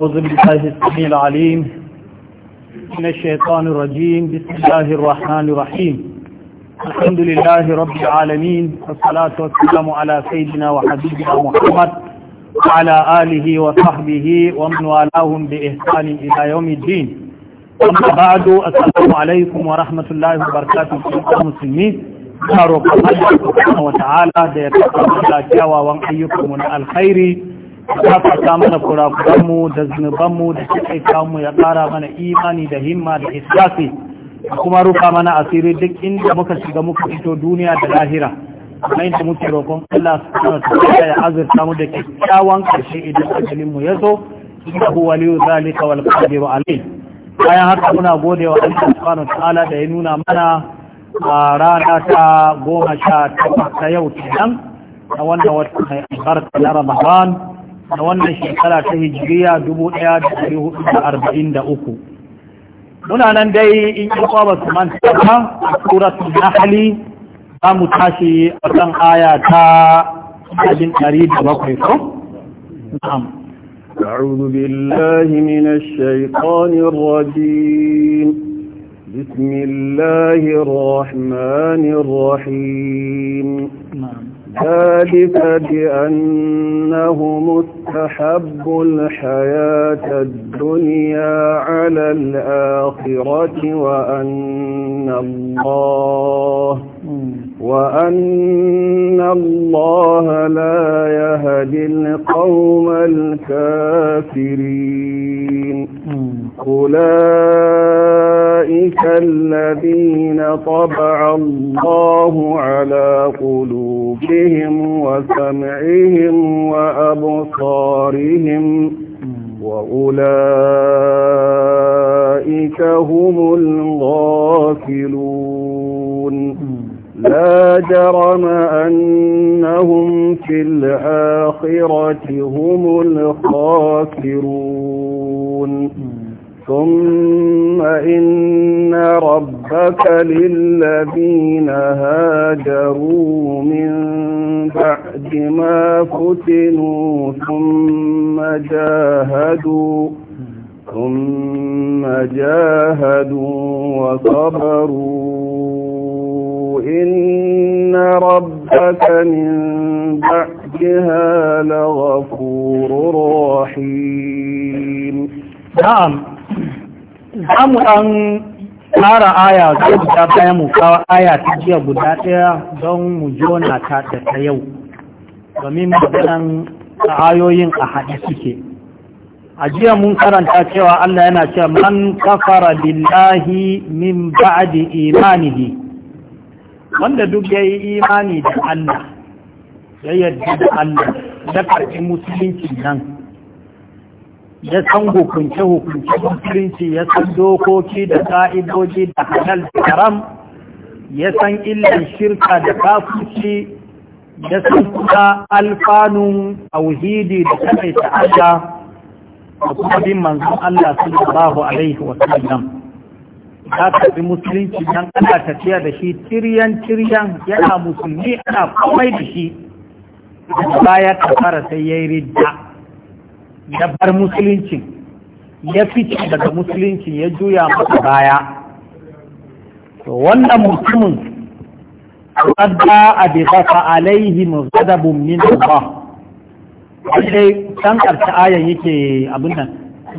أعوذ بالله السميع العليم من الشيطان الرجيم بسم الله الرحمن الرحيم الحمد لله رب العالمين والصلاة والسلام على سيدنا وحبيبنا محمد وعلى آله وصحبه ومن والاهم بإحسان إلى يوم الدين أما بعد السلام عليكم ورحمة الله وبركاته المسلمين أروق الله سبحانه وتعالى ديكم الله جاوى وأن أيكم الخير fata mana kurakuranmu da zunubanmu da mu ya kara mana imani da himma da isafi kuma rufa mana asiri duk inda muka shiga muka fito duniya da lahira kuma inda muke roƙon Allah kuma su kuma ya azurta mu da kyakkyawan karshe idan ajalinmu ya zo innahu waliyu zalika wal qadiru alayh bayan haka muna gode wa Allah subhanahu wa ta'ala da ya nuna mana a rana ta goma sha takwas ta yau kenan a wannan wata mai albarka na Ramadan a wannan shekara ta hijiriya 1443 muna nan dai in yi kwaba su man tsaba a turatun nahali za mu tashi a kan aya ta abin 107 ko? na'am أعوذ بالله من الشيطان الرجيم بسم الله الرحمن الرحيم نعم ذلك بأنهم استحبوا الحياة الدنيا على الآخرة وأن الله وأن الله لا يهدي القوم الكافرين أولئك الذين طبع الله على قلوبهم وسمعهم وأبصارهم وأولئك هم الغافلون لا جرم أنهم في الآخرة هم الخاسرون ثم إن ربك للذين هاجروا من بعد ما فتنوا ثم جاهدوا ثم جاهدوا وصبروا إن ربك من بعدها لغفور رحيم نعم نعم أن ƙara aya zai guda bayan mu kawo aya ta jiya guda ɗaya don mu jona ta da ta yau domin maganan ayoyin a haɗe suke a jiya mun karanta cewa Allah yana cewa man kafara billahi min ba'di imanihi wanda duk ya yi imani da Allah ya yarda da Allah da karfin musulunci nan ya san hukunce hukunce musulunci ya san dokoki da ka'idoji da halal da haram ya san illan shirka da kafuci ya san kuma alfanun auhidi da kamaita Allah a kuma bin manzon Allah a alaihi wa za ka bi musulunci nan ana tafiya da shi ciryan tiryan yana musulmi ana komai da shi baya ta fara sai ya yi ridda ya bar musulunci ya fice daga musulunci ya juya masa baya to wannan mutumin wadda a bi zaka alaihi mu muzadabun min ba. sai san karshe ayan yake abin nan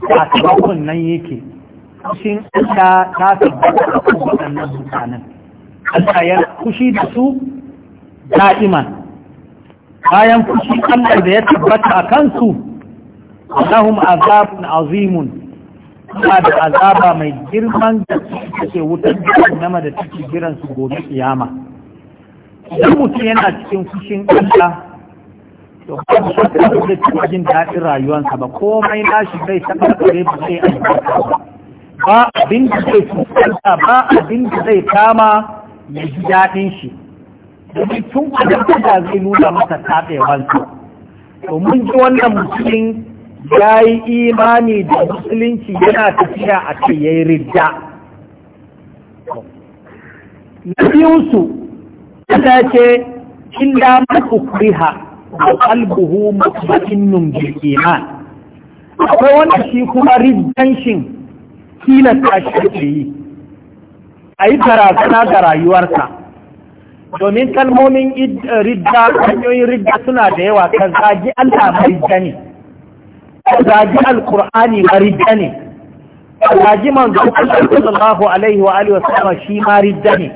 a nan yake kushin Allah ta tabbata a kan waɗannan mutanen Allah ya kushi da su da'iman bayan kushi Allah da ya tabbata a kansu lahum azabun azimun suna da azaba mai girman da take wutar nama da take jiran su gobe kiyama idan mutum yana cikin kushin Allah to ba mu shakka da cikin daɗin rayuwarsa ba komai nashi bai shakka da ba zai yi ba ba abin da zai tukanta ba abin da zai kama ya ji daɗin shi domin tun kwadanta da zai nuna masa taɓewansa to mun ji wannan musulun ya yi imani da musulunci yana tafiya a ce ya yi rida na biyunsu ta ce in damar ukriha da kalbuhu mutumakinnun bil iman akwai wanda shi kuma riddanshin tilasta shi ake yi a yi barazana da rayuwarsa domin kalmomin ridda hanyoyin ridda suna da yawa ka zagi allah marija ne ka zagi alkur'ani marija ne ka zagi manzo allah sallallahu alaihi wa alihi wasallam shi marija ne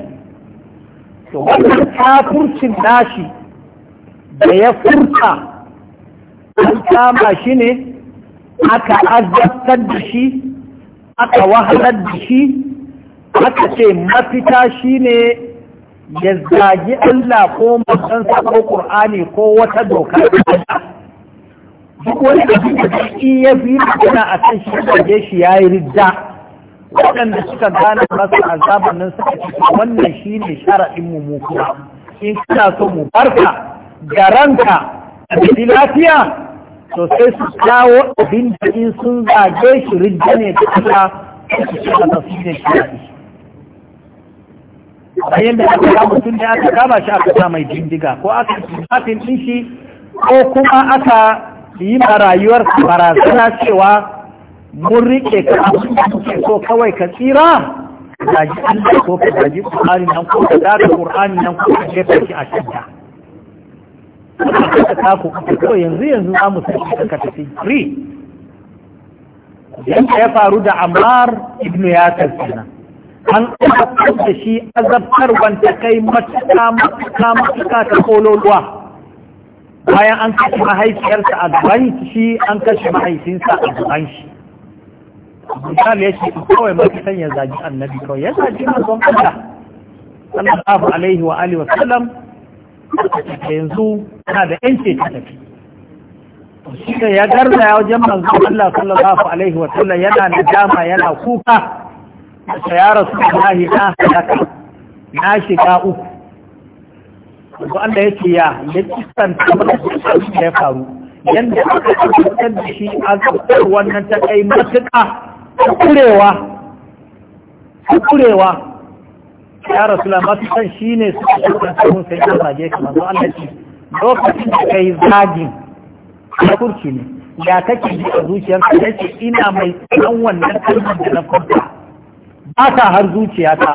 to wannan kafurcin nashi da ya furta an kama shi ne aka azabtar da shi aka wahalar da shi aka ce mafita shine ya zagi Allah ko matsansa ko Kur'ani ko wata doka duk wani abin da shi ya fi yana a kan shi da shi ya yi ridda waɗanda suka gane masa azaban nan suka ce wannan shine sharaɗin mu mu in kana so mu barka da ranka da lafiya to sai su kawo abin da in sun zage shi rijja ne da kasa su shi kasa su ne shi yaɗi bayan da aka ga mutum da aka kama shi aka sa mai jindiga ko aka kafin din shi ko kuma aka yi ma rayuwar barazana cewa mun riƙe ka abin da muke so kawai ka tsira gaji Allah ko ka gaji Qur'ani nan ko ka daga Qur'ani nan ko ka jefa shi a shidda aka ku ko yanzu yanzu za mu tafi ka tafi free yanda ya faru da Ammar ibn Yasir kenan an azabtar da shi azabtar wanda kai matuka matuka matuka ta kololuwa bayan an kashe mahaifiyarsa a gaban shi an kashe mahaifinsa a gaban shi misali ya ce kawai mafitan ya zagi annabi kawai ya zagi mazon Allah sallallahu alaihi wa alihi wa sallam yanzu tana da yanci ta tafi shi ya garza ya wajen manzo Allah sallallahu alaihi wa sallam yana da dama yana kuka da ya rasulullahi na halaka na shiga uku wanzu Allah ya ce ya ya kisanta mana da ya faru yanda aka tabbatar da shi a zafi wannan ta kai ta kurewa kurewa ya rasula masu san shi ne su ke kan samun sai an zage ka manzo Allah ce lokacin da kai zagin kurci ne ya kake ji a Ya yace ina mai tsawon wannan kalmar da na kwanta ba ta har zuciya ta.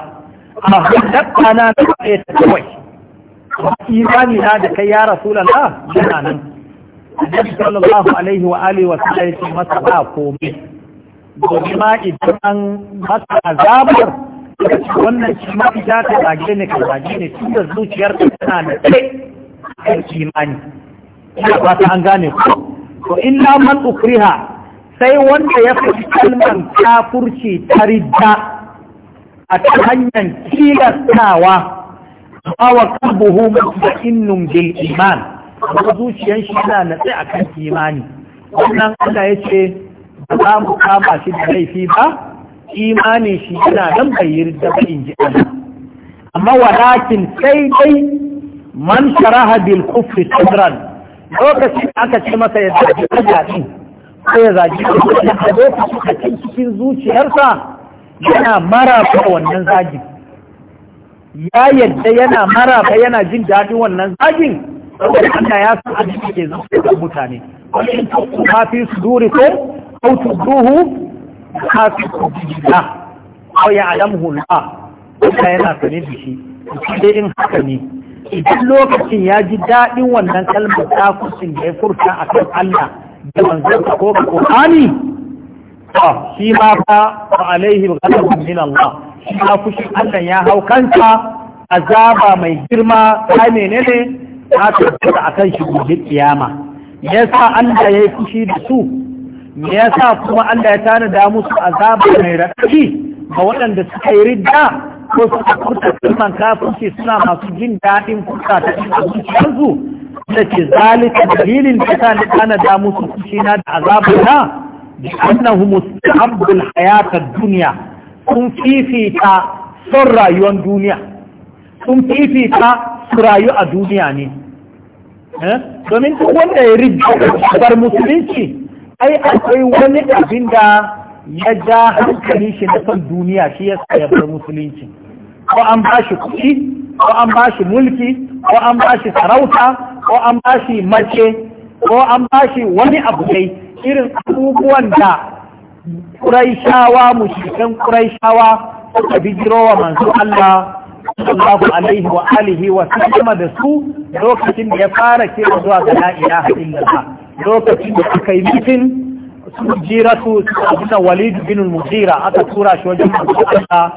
a haddaka na da kai ta kawai imani na da kai ya rasulullah yana nan Annabi sallallahu alaihi wa alihi wa sallam ya ce masa ba komai Gobe ma idan an masa azabar wannan kimani za ta zage ne ka zage ne tun da zuciyar ta tana da kan kimani ina ba ta an gane ku to man ukriha sai wanda ya fi kalmar kafurci ta ridda a ta hanyar tilastawa awa kalbuhu innun bil iman kuma zuciyar shi yana a kan kimani wannan Allah ya ce ba za mu kama shi da laifi ba imanin shi yana nan bai yarda ba in ji Allah amma walakin sai dai man sharaha bil kufri sadran lokacin aka ce masa ya zaji kaza din ko ya zaji kaza a lokacin cikin zuciyarsa yana maraba wannan zagi ya yadda yana maraba yana jin daɗin wannan zagin saboda Allah ya san abin da ke mutane wani in su duri ko ko duhu. hafizu billah aw ya'lamuhu Allah kuma yana sane da shi sai in haka ne idan lokacin ya ji daɗin wannan kalmar takusin da ya furta a kan Allah da manzansa ko ga Qur'ani to shi ma fa alaihi ghadabun min Allah shi ma fushin Allah ya hau kansa azaba mai girma ta menene ta tabbata akan shi gobe kiyama yasa Allah ya yi fushi da su me yasa kuma Allah ya tanada musu azaba mai raɗaɗi ga waɗanda suka yi ridda ko suka furta kalman kafirci suna masu jin daɗin kuka ta cikin zuciyarsu da ce zalika dalilin da ta ni tanada musu kushina da azaba na bi annahu mustahabbul hayatad duniya sun fifita son rayuwar duniya Sun fifita su rayu a duniya ne eh? domin duk wanda ya ridda bar musulunci ai akwai wani abin da ya ja hankali shi na son duniya shi ya sa ya bar musulunci ko an ba shi kuɗi ko an ba shi mulki ko an ba shi sarauta ko an ba shi mace ko an ba shi wani abu dai irin abubuwan da ƙuraishawa mushrikan ƙuraishawa suka bijiro wa manzo Allah sallallahu alaihi wa alihi wa sallama da su lokacin da ya fara kira zuwa ga la ilaha illallah lokacin da aka yi mitin su jira su abin walid bin mujira aka tura shi wajen mutaka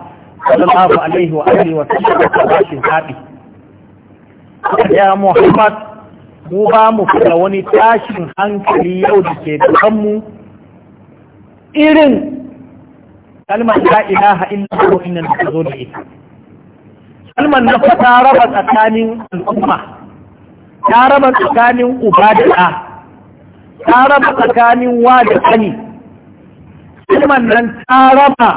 sallallahu alaihi wa alihi wa sallam da bashin haɗi ya muhammad mu ba mu kula wani tashin hankali yau da ke dukan mu irin kalmar la ilaha illa hu inna ta zo da ita kalmar na ta raba tsakanin al'umma ta raba tsakanin ubadi'a. ta raba tsakanin wa da kani kalman nan ta raba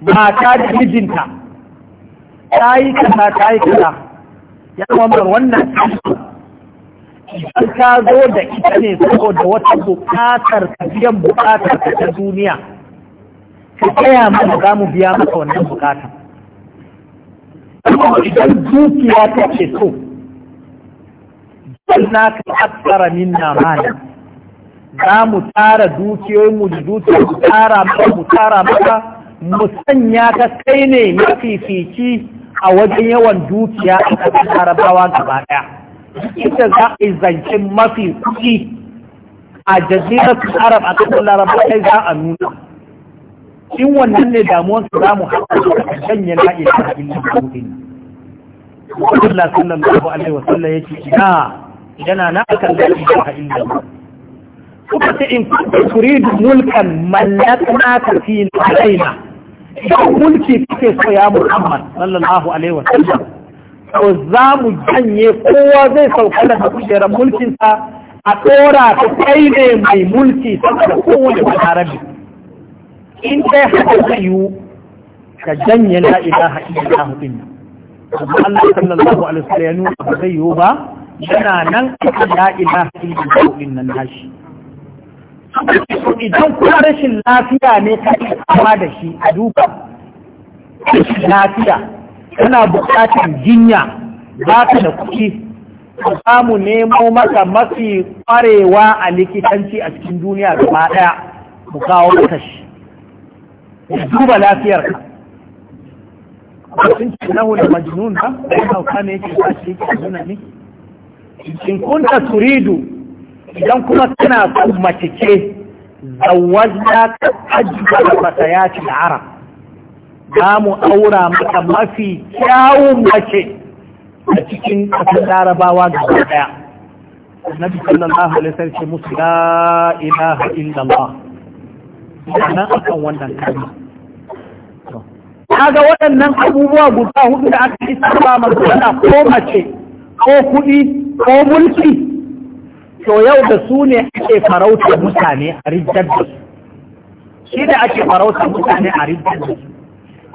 mata da mijinta ta yi kaza ta yi kaza ya mamar wannan idan ka zo da ita ne saboda wata bukatar ka biyan bukatar ka ta duniya ka tsaya mana za mu biya maka wannan bukatar idan dukiya ta ce so na ka tsara minna mana za mu tara dukiyoyin mu da dukiyoyin mu tara maka mu tara maka mu sanya ka kai ne mafifici a wajen yawan dukiya a ƙasar larabawa gaba ɗaya ita za a yi zancen mafi kuɗi a jazirar arab a ƙasar larabawa kai za a nuna in wannan ne damuwar su za mu haɗa da janye na ila illa mudin Allah sallallahu alaihi wasallam yace ina yana ana akan da shi ba inda ba suka ce in turidu mulkan mallakna ka fi alaina idan mulki kake so ya muhammad sallallahu alaihi wa sallam to za mu janye kowa zai sauka daga kujerar mulkinsa a tsora ta kai ne mai mulki saboda kowane balarabi in dai haka zai yiwu ka janye da ilaha illallah din Allah sallallahu alaihi wa sallam ya nuna ba zai yiwu ba yana nan akan la ilaha illallah din nan nashi idan kuma rashin lafiya ne ka yi kama da shi a duka. rashin lafiya tana buƙatar jinya za ka da kuɗi ka samu nemo maka mafi ƙwarewa a likitanci a cikin duniya gaba ɗaya mu kawo maka shi duba lafiyarka sun ce nahu da majnun ba ɗan hauka ne yake sashi yake nuna ne in kunta turidu idan kuma kana son mace ce zawajna ka ajiyar fatayati arab za mu aura maka mafi kyawun mace a cikin ƙasar larabawa gaba daya annabi sallallahu alaihi wasallam ce musu la ilaha illallah sannan akan wannan kalma kaga waɗannan abubuwa guda hudu da aka yi sarba masu ko mace ko kuɗi ko mulki to yau da su ne ake farauta mutane a rijar da su shi da ake farauta mutane a rijar da su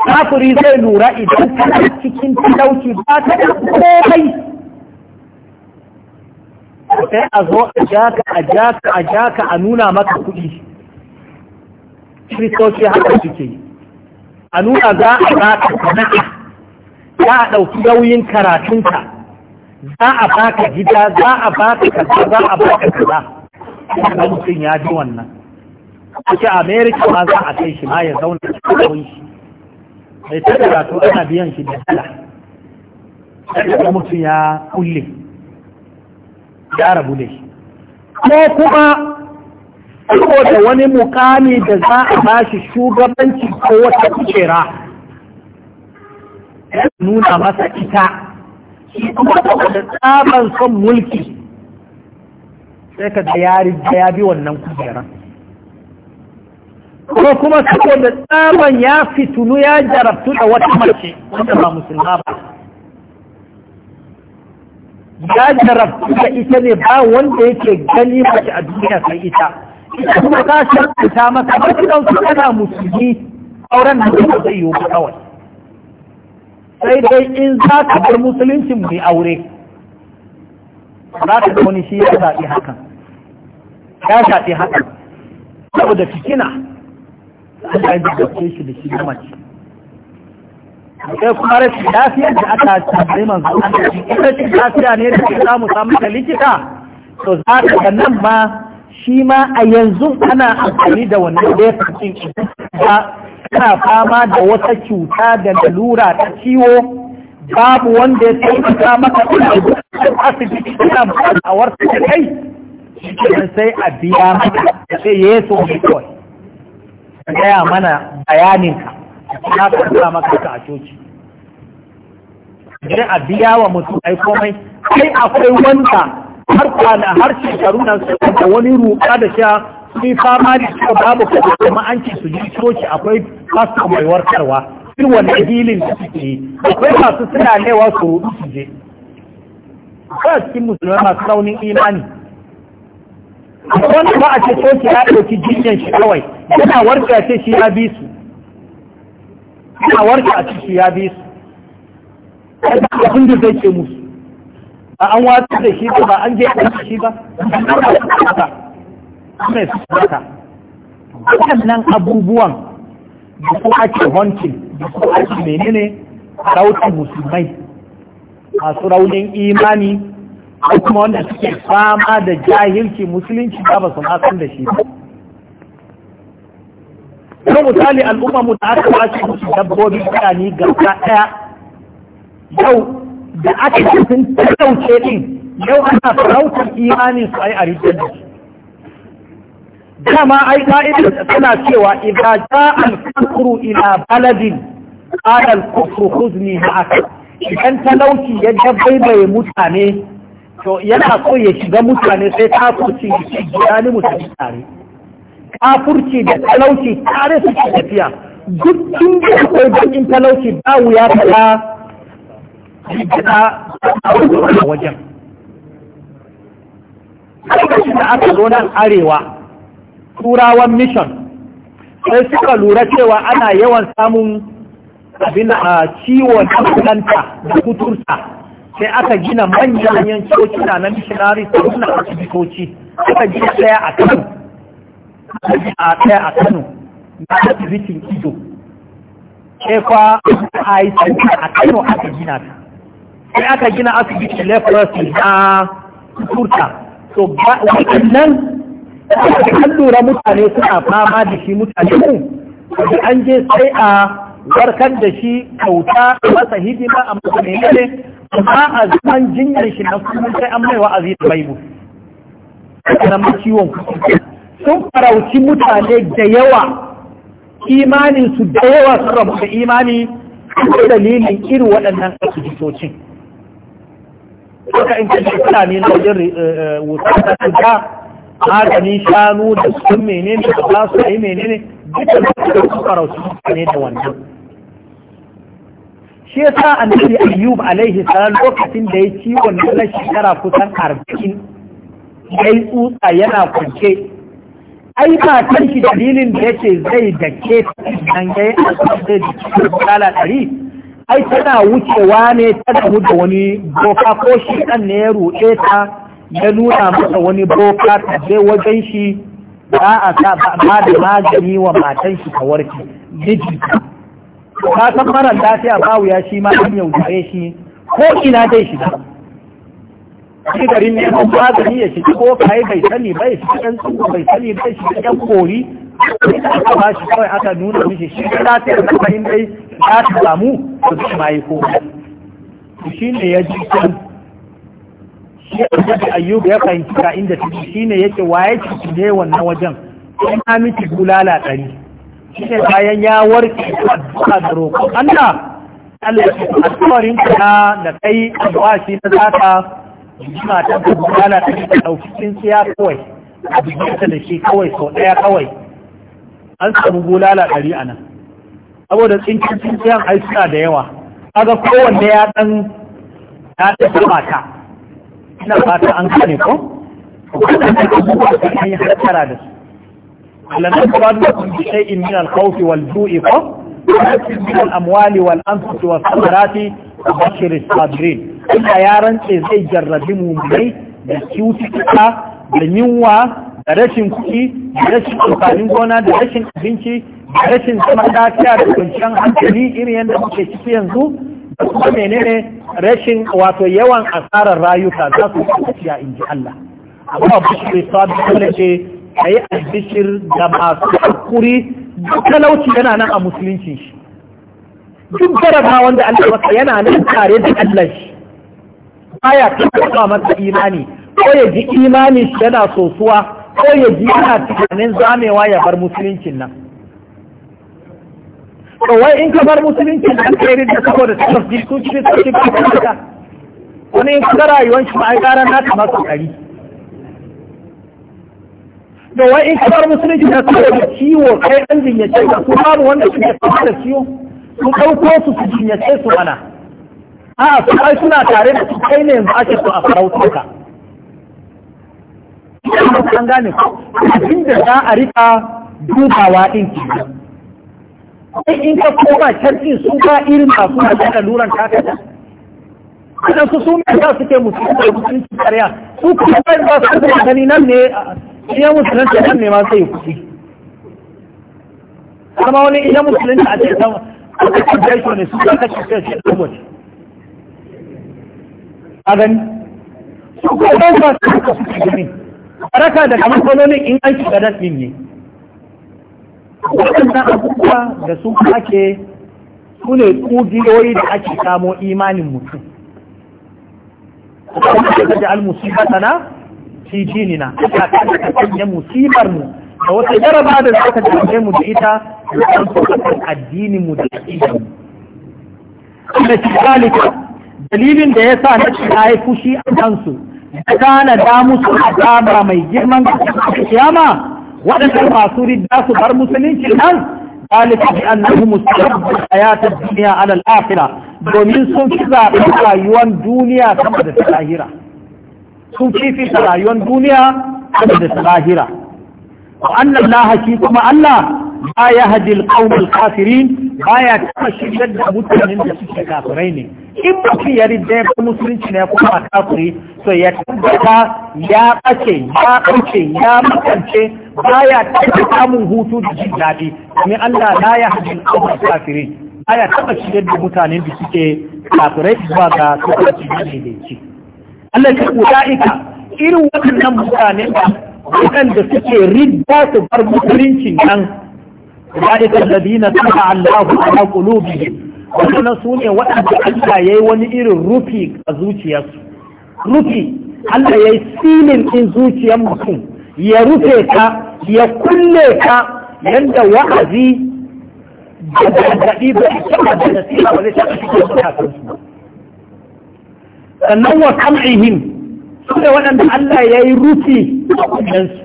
kafiri zai lura idan kana cikin talauci ba ta da komai sai a zo a jaka a jaka a jaka a nuna maka kuɗi kristoci haka suke a nuna za a ka sana'a za a ɗauki nauyin karatunka za a baka gida za a baka kaza za a baka kaza kuma mutum ya ji wannan ake america ma za a kai shi ma ya zauna a kawai shi mai ta to ana biyan shi da dala sai mutum ya kulle ya rabu da shi ko kuma saboda wani mukami da za a bashi shugabanci ko wata kujera nuna masa ita kuma tsaban son mulki sai ka da yari da ya bi wannan kujeran ko kuma saboda tsaban ya fitunu ya jarabtu da wata mace wanda ba musulma ba ya jarabtu da ita ne ba wanda yake gani mace a duniya sai ita ita kuma ka shakka ta masa ba ki dauki ana musulmi auren da zai yi ba kawai sai dai in za ka bar musuluncin yi aure za ka wani shi ya zaɓi hakan ya zaɓi hakan saboda cikina. an da gaske shi da shi na mace sai kuma rashin lafiya da aka tambayi manzo an da shi rashin lafiya ne da ke samu samu da likita to za ka ga nan ma shi ma a yanzu ana amfani da wannan fi idan kana fama da wata cuta da lalura ta ciwo babu wanda ya taimaka maka da asibiti a buƙatawar ta kai sai a biya maka da sai yeso mai kawai ka gaya mana bayaninka ya karɓa maka ka a coci idan a biya wa mutum ai komai kai akwai wanda har kwana har shekaru na suka da wani ruka da sha sun yi fama da suka babu kuma an ce su ji coci akwai ba mai warkarwa in wani hilin da suke yi akwai masu suna lewa su rudu su je ba cikin musulmai masu raunin imani wanda ba a ce coci ya ɗauki jinyan shi kawai yana warka ce shi ya bi su yana warka a ce shi ya bi su kada abin da zai ce musu ba an watsa da shi ba an je da shi ba ba su haka waɗannan abubuwan da su ake hunting da su ake menene rautar musulmai masu raunin imani ko kuma wanda suke fama da jahilci musulunci ba ba su san da shi ba ko misali al'umma mu da aka ba musu dabbobi birane gaba ɗaya yau da aka sun tattauce din yau ana farautar imani su ai a rijiyar dama ai ka'idar tana cewa idza ja'a al fakru ila baladin qala al-kufru khudni ma'aka idan talauci ya bai mutane to yana so ya shiga mutane sai kafurci ya ci gidani mutane tare kafurci da talauci tare suke tafiya duk inda akwai bakin talauci ba wuya ya a wajen. Aka shi da aka zo nan arewa, turawan mission sai suka lura cewa ana yawan samun abin a ciwon kanta da kuturta sai aka gina manyan coci na na missionary da suna asibitoci aka gina daya a kano a daya a kano na asibitin ido kefa a yi a kano aka gina ta sai aka gina asibitin leprosy na kuturta so waɗannan an lura mutane suna fama da shi mutane mu da an je sai a warkar da shi kauta masa hidima a mutane ne amma a zaman jinyar shi na kullum sai an mai wa'azi da baibu karamar ciwon sun farauci mutane da yawa imanin su da yawa sun rabu da imani da dalilin irin waɗannan asibitocin. Saka in kashe ne na wajen eh, eh, wuta da Magani shanu da sun menene da za su yi menene duka da suka su farauci ne da wannan shi yasa annabi ayyub alaihi salam lokacin da ya ci wannan na shekara kusan arba'in ya yi tsutsa yana kwance ai ba kan shi dalilin da yace zai dake nan ya yi zai dake kala ɗari ai tana wucewa ne ta damu da wani boka ko shi ɗan ne ya ruɗe ta ya nuna masa wani boka ta je wajen shi ba a ba da magani wa matan shi ta warke ka san mara lafiya bawu ya shi ma an yaudare shi ko ina dai shiga shi garin Kuma magani ya shiga ko kai bai sani ba ya shiga ɗan bai sani ba ya shiga ɗan kori ba shi kawai aka nuna mishi shi ga lafiyar na fahimtai za ta samu su ma yi ko shi ne ya ji annabi ayyub ya fahimci ka inda take shine yake waye ciki ne wannan wajen in ka miki bulala ɗari shine bayan ya warke addu'a da roƙo. Allah Allah ya alƙawarin ka na da kai addu'a shi na zaka jima ta bulala da ta ɗauki tsintsiya kawai a biginta da shi kawai sau ɗaya kawai an samu bulala ɗari a nan saboda tsinkin tsintsiyan ai suna da yawa kaga kowanne ya ɗan ya ɗan ta ina fata an gane ko waɗannan abubuwa da an yi hattara da su lannan ba da kun bi shay'in min al-khawf wal ju'i ko min al-amwali wal anfus wa samarati bashir as-sabirin ina yaran ce zai jarrabi mu mai da cutuka da yunwa da rashin kuɗi da rashin amfanin gona da rashin abinci da rashin zaman lafiya da kwanciyar hankali irin yadda muke ciki yanzu kuma menene rashin wato yawan asarar rayuka za su tafiya in ji Allah abu abu shi sabi ce a yi albishir da masu duk talauci yana nan a musulunci shi duk jaraba wanda Allah maka yana nan tare da Allah shi baya tabbata masa imani ko ya ji imani shi yana sosuwa ko ya ji yana tunanin zamewa ya bar musuluncin nan to wai in ka bar musulunci da alheri da da tasbi su ci su ci ba ka wani in ka rayuwar shi ba ai karan naka su kari da wai in ka bar musulunci da da ciwo kai an jinyace ka su babu wanda su ya da ciwo su ɗauko su su jinyace su mana a'a su ai suna tare da su kai ne yanzu ake so a farauto ka an gane ko abin da za a rika dubawa ɗin kenan sai in ka koma canci sun ka irin masu da da luran takata idan su sun da suke musulunci da musulunci cikariya, su kuma ba su da gani nan ne iya musulunci nan ne ma sai kuɗi kama wani iya musulunci a cikin a cikin jaisho ne su kan kashe sai shi a gani su kuma ba su da suke gani raka daga matsalolin in an shiga dan ɗin ne waɗannan abubuwa da su ake su ne ƙugiyoyi da ake samo imanin mutum da da almusibar sana fi jinina ta kanta sanya musibar mu da wata jaraba da za ka jami'ai mu da ita da kan tsokatar addinin mu da ƙidan mu da cikalika dalilin da ya sa na ci na yi fushi a kansu da kana su a dama mai girman kiyama waɗanda masu ridda su bar musulunci nan ذلك بأنهم استحبوا الحياة duniya على الآخرة domin sun fi zaɓen rayuwar duniya sama da ta lahira sun fi fi rayuwar duniya sama da ta lahira wa annan lahashi kuma Allah ba ya hadil ƙaunar kafirin ba ya taɓa shigar da mutanen da suke kafirai ne in mutum ya ridda ya musulunci ne kuma a kafiri so ya tabbata ya ɓace ya ɓace ya makance ba ya taɓa samun hutu da jin daɗi kuma Allah la ya hadil ƙaunar kafirin ba ya taɓa shigar da mutanen da suke kafirai zuwa ga kafarci da daidaici. Allah ya ƙuda'ika irin waɗannan mutanen da waɗanda suke ridda su bar musulunci nan ذلك الذين طبع الله على قلوبهم wannan su ne waɗanda Allah ya yi wani irin rufi a zuciyarsu rufi Allah ya yi silin ɗin zuciyar mutum ya rufe ka ya kulle ka yadda wa'azi da gargaɗi ba a taɓa da nasiha zai taɓa cikin zuciyarsu sannan wa kam'ihim su ne waɗanda Allah ya yi rufi a kudansu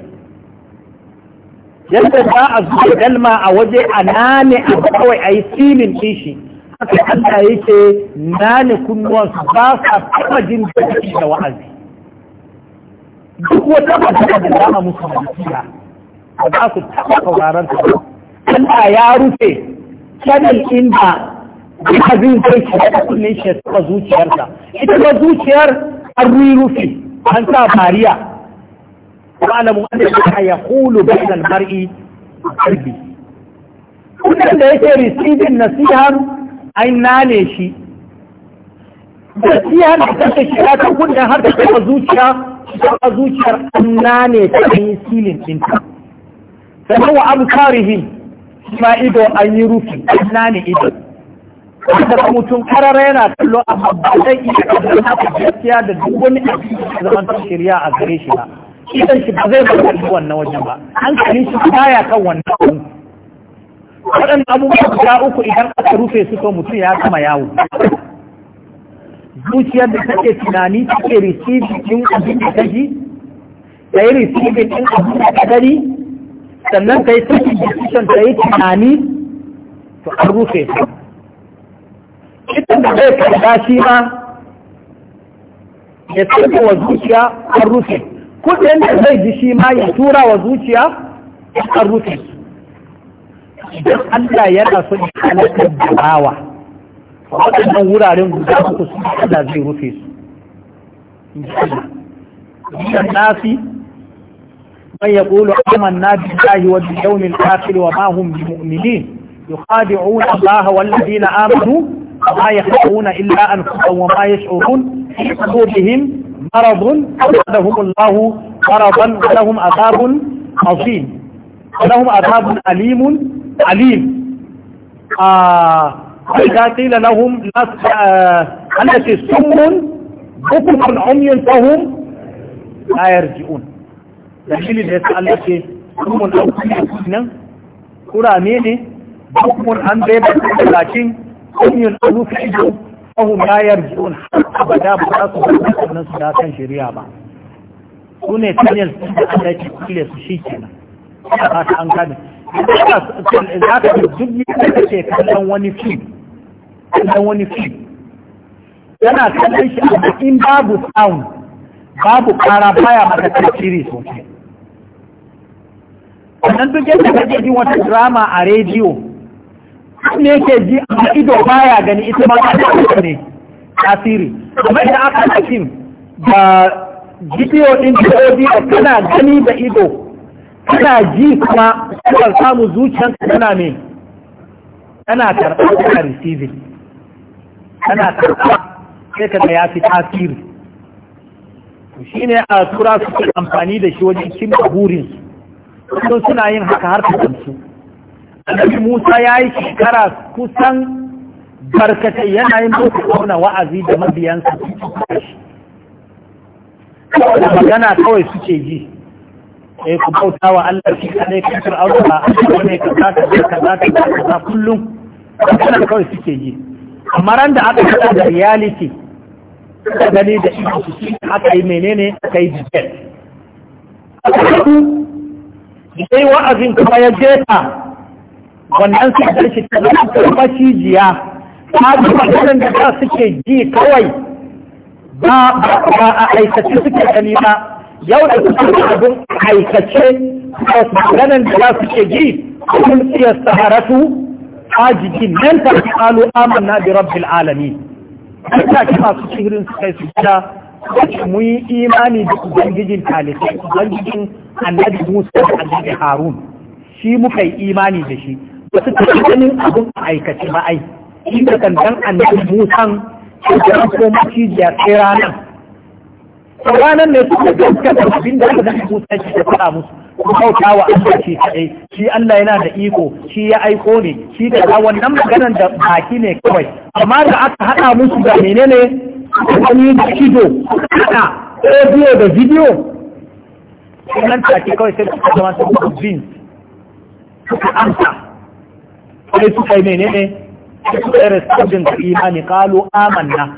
yadda za a zuwa dalma a waje a nane a kawai a yi filin shi haka Allah yake nane kunnuwansu ba sa taɓa jin da da wa'azi duk wata magana da za a musu jiya. ba za su taɓa sauraron ta ba Allah ya rufe channel inda wa'azin zai shiga da kullun shi ya zuciyarsa ita ba zuciyar an rufe an sa fariya. wa'alamu an da ya hulu bayan mar'i karbi kudan da yake receiving nasihar ai nane shi nasihar da kake shiga ta kundan har da kuma zuciya ta zuciyar an nane ta yi silin ɗinta sannan wa abu karihim ma ido an yi rufi an nane ido daga mutum karara yana kallo amma ba zai iya kasar haka gaskiya da duk wani abin da zaman shirya a gare shi ba kitan shi ba zai shi wannan wajen ba hankalin shi baya kan wannan abu waɗannan abubuwa guda uku idan aka rufe su to mutum ya kama yawo zuciyar da take tunani take receiving din abin da ta ji ta yi receiving din abin da ta gani sannan ta yi da decision ta yi tunani to an rufe su kitan da zai karɓa shi ma ya tsarkawa zuciya an rufe kudin da zai ji shi ma ya tura wa zuciya a rufe idan Allah yana son ya halakar da bawa waɗannan wuraren guda uku su Allah zai rufe su Idan nasi من يقول آمنا بالله وباليوم الآخر وما هم بمؤمنين يخادعون الله والذين آمنوا وما يخدعون إلا أنفسهم وما يشعرون في قلوبهم maradun zadahum Allah maradan wa lahum azabun azim wa lahum azabun alimun alim قيل لهم التي سم بكم عمي فهم لا يرجعون da ya sa Allah ce kumun an kuma nan kurame ne hukumun an bai ba wahum ya yarji'un un abada ba za su bar wannan su da kan shari'a ba su ne tunel su da an ke kule su shi ke nan ba ta an gane za ka duk yi da kake kallon wani fi kallon wani fi yana kallon shi a in babu sound babu kara baya maka tasiri sosai wannan duk yadda kake ji wata drama a rediyo ne yake ji a ido baya gani ita ma ta ne tasiri amma idan aka ta fim da bidiyo din da kana gani da ido kana ji kuma kana samu zuciyan kana ne kana karɓar kana receiving karɓar sai ka ya fi tasiri shi ne a tura suke amfani da shi wajen cin burin, sun suna yin haka har su annabi Musa ya yi shekara kusan barkatai yana yin musu kauna wa'azi da mabiyansa da magana kawai suke ji eh ku bauta wa Allah shi kadai ka a cikin wani ne ka zai ka zaka ka za kullum magana kawai suke ji amma ran da aka kada da reality ka gani da shi aka yi menene aka yi detail sai wa'azin kuma ya jefa wannan su da shi ta jiya ta ganin da ta suke ji kawai ba a aikace suke gani ba yau da suke abin aikace ganin da za suke ji kun iya saharatu ajiji nan ta fi alu amanna bi rabbil alami ta masu sihirin su kai su gida mu yi imani da ubangijin talibai ubangijin annabi musa da annabi harun shi muka yi imani da shi ba su taɓa ganin abin aikace ba ai inda kan dan annabi musan da ko macijiya sai ranar ranar ne suka gaskata abin da aka zama musa shi ya faɗa musu ku bauta wa Allah shi kaɗai shi Allah yana da iko shi ya aiko ne shi da wannan maganar da baki ne kawai amma da aka haɗa musu da menene wani da ido haɗa audio da video nan take kawai sai suka zama su bin su amsa sai suka yi menene suka yi rasabin da imani kalu amanna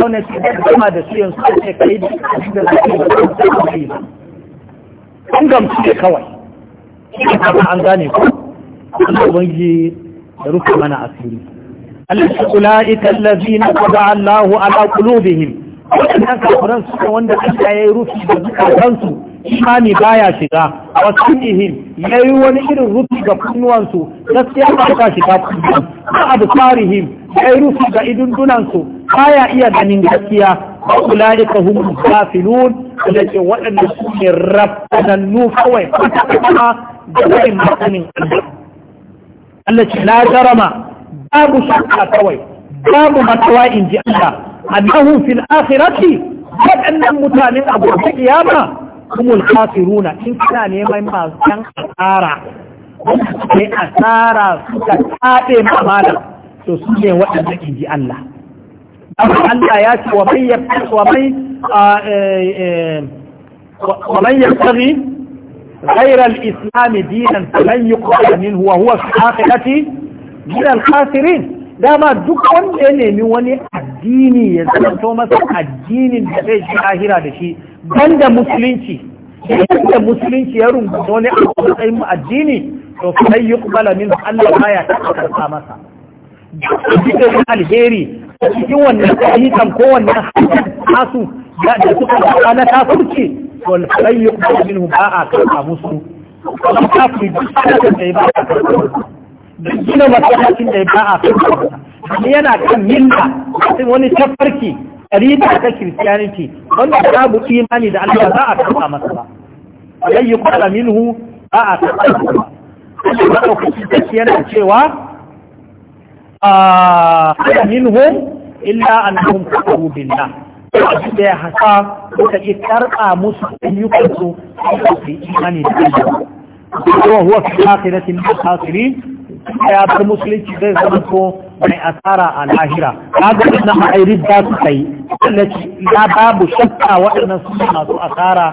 kone su da gama da su yanzu da ce kai da su da su da su da su da an gamsu ne kawai ina kama an gane ku Allah ubangi da rufe mana asiri Allah shi ula'ika allazina qada Allahu ala qulubihim wannan kafiran suka wanda Allah ya yi rufi da zukatansu imani baya shiga a wasu ya yi wani irin rufi ga kunnuwansu gaskiya ba ta shiga kunnuwan ba abu farihim ya yi rufi ga idundunansu baya iya ganin gaskiya ba kula da kahun gafilun da ke waɗanda su ne rafanannu kawai kuma da wani masanin Allah Allah ce na jarama babu shakka kawai babu matawa in ji Allah annahum fil akhirati waɗannan mutanen abokan kiyama kumul kafiruna in kana neman masu yan asara sai asara suka taɓe mamalar to su ne waɗanda in ji Allah Allah ya ce wa mai wa mai e, e, wa mai yabtaghi ghayra al-islam dinan falan yuqbal minhu wa huwa fi akhirati min al-khasirin dama duk wanda ya nemi wani addini ya zanto masa addinin da zai ji ahira da shi banda musulunci yadda musulunci ya rungu wani abu tsayin mu addini to kai yi kubala min Allah baya ta karɓa masa cikin alheri a cikin wannan ayyukan ko wannan tasu da suka karɓa na kafurci to kai yi kubala min ba a karɓa musu kuma kafin duk da ya ba a karɓa musu duk gina masallacin da ya ba a karɓa yana kan milla wani tafarki ƙarida ta kiristiyaniti wanda babu imani da Allah za a karɓa masa ba A zai yi kwada minhu ba a karɓa masa ba Allah ba ɗaukaci da yana cewa a kada minhu illa an hum kafaru billah abin da ya hasa suka ƙi karɓa musu ayyukansu su yi imani da Allah ko huwa fi akhiratin khasirin ya bar musulunci zai zama ko mai asara a lahira kaga wannan ma'airid za su kai wanda ya babu shakka waɗannan su masu asara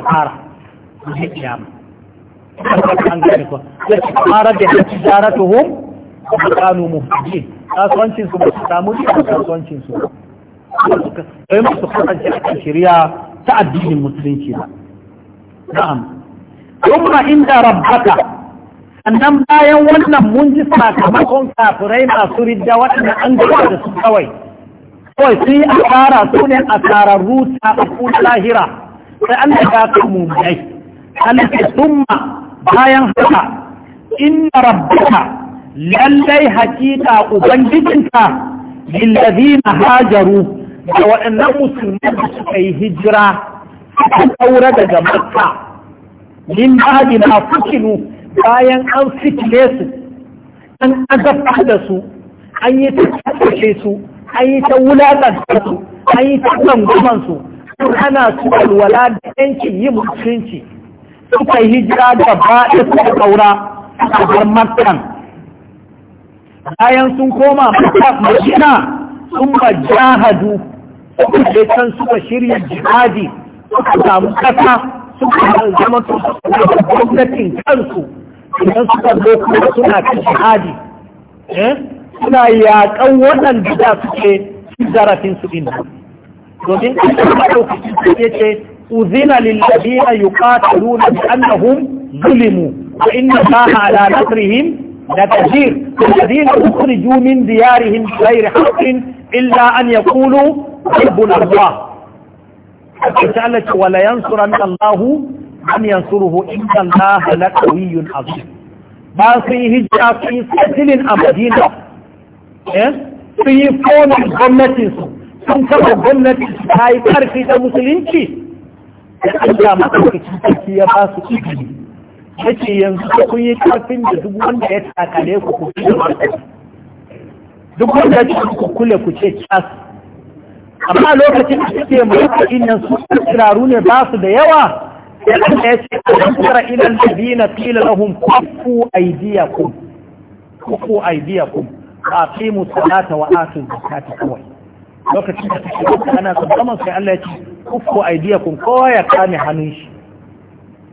asara kiyama ya ce da ta addinin musulunci ba na'am kuma inda rabbaka sannan bayan wannan mun ji sakamakon kafirai masu ridda waɗanda an gaba da su kawai kawai sun yi asara su ne Ruta a uku lahira sai an da ka mu dai alaka summa bayan haka inna rabbaka lallai hakika ubangijinka lillazina hajaru da waɗannan musulman da suka yi hijira suka daura daga makka min ba'di ma fukinu bayan an fitile su an azabta da su an yi ta kashe su an yi ta wulaƙanta su an yi ta ganguman su sun hana su alwala da yanki yin mutunci suka hijira da ba da suka kaura a har makkan bayan sun koma mashina sun ba jahadu suka can suka shirya jihadi suka samu kasa suka zama gwamnatin kansu idan suka zo kuma suna kan shahadi suna yaƙan waɗanda da suke zarafin su ɗin domin ƙasar maɗaukacin su ya ce uzina lillabina yuqataluna bi annahum zulimu wa inna allaha ala nasrihim لكثير الذين أخرجوا من ديارهم بغير حق إلا أن يقولوا ربنا الله ta Allah ce wala yansura min Allahu an yansuruhu inna Allah la qawiyyun azim ba su yi hijira su yi satilin a Madina eh? su yi fona gwamnatinsu sun kafa gwamnati ta yi karfi da musulunci da Allah maɗaukacin sarki ya ba su izini yace yanzu da kun yi karfin da duk wanda ya takale ku ku duk wanda ya ku kule ku ce cas amma lokacin da suke mutum nan su tsiraru ne ba su da yawa yadda ya ce a tsara ilal ladina qila lahum kuffu aydiyakum kun? aydiyakum aqimu salata wa atu zakata kawai lokacin da suke mutu ana tsammanin sai Allah ya ce kuffu aydiyakum kowa ya kame hannun shi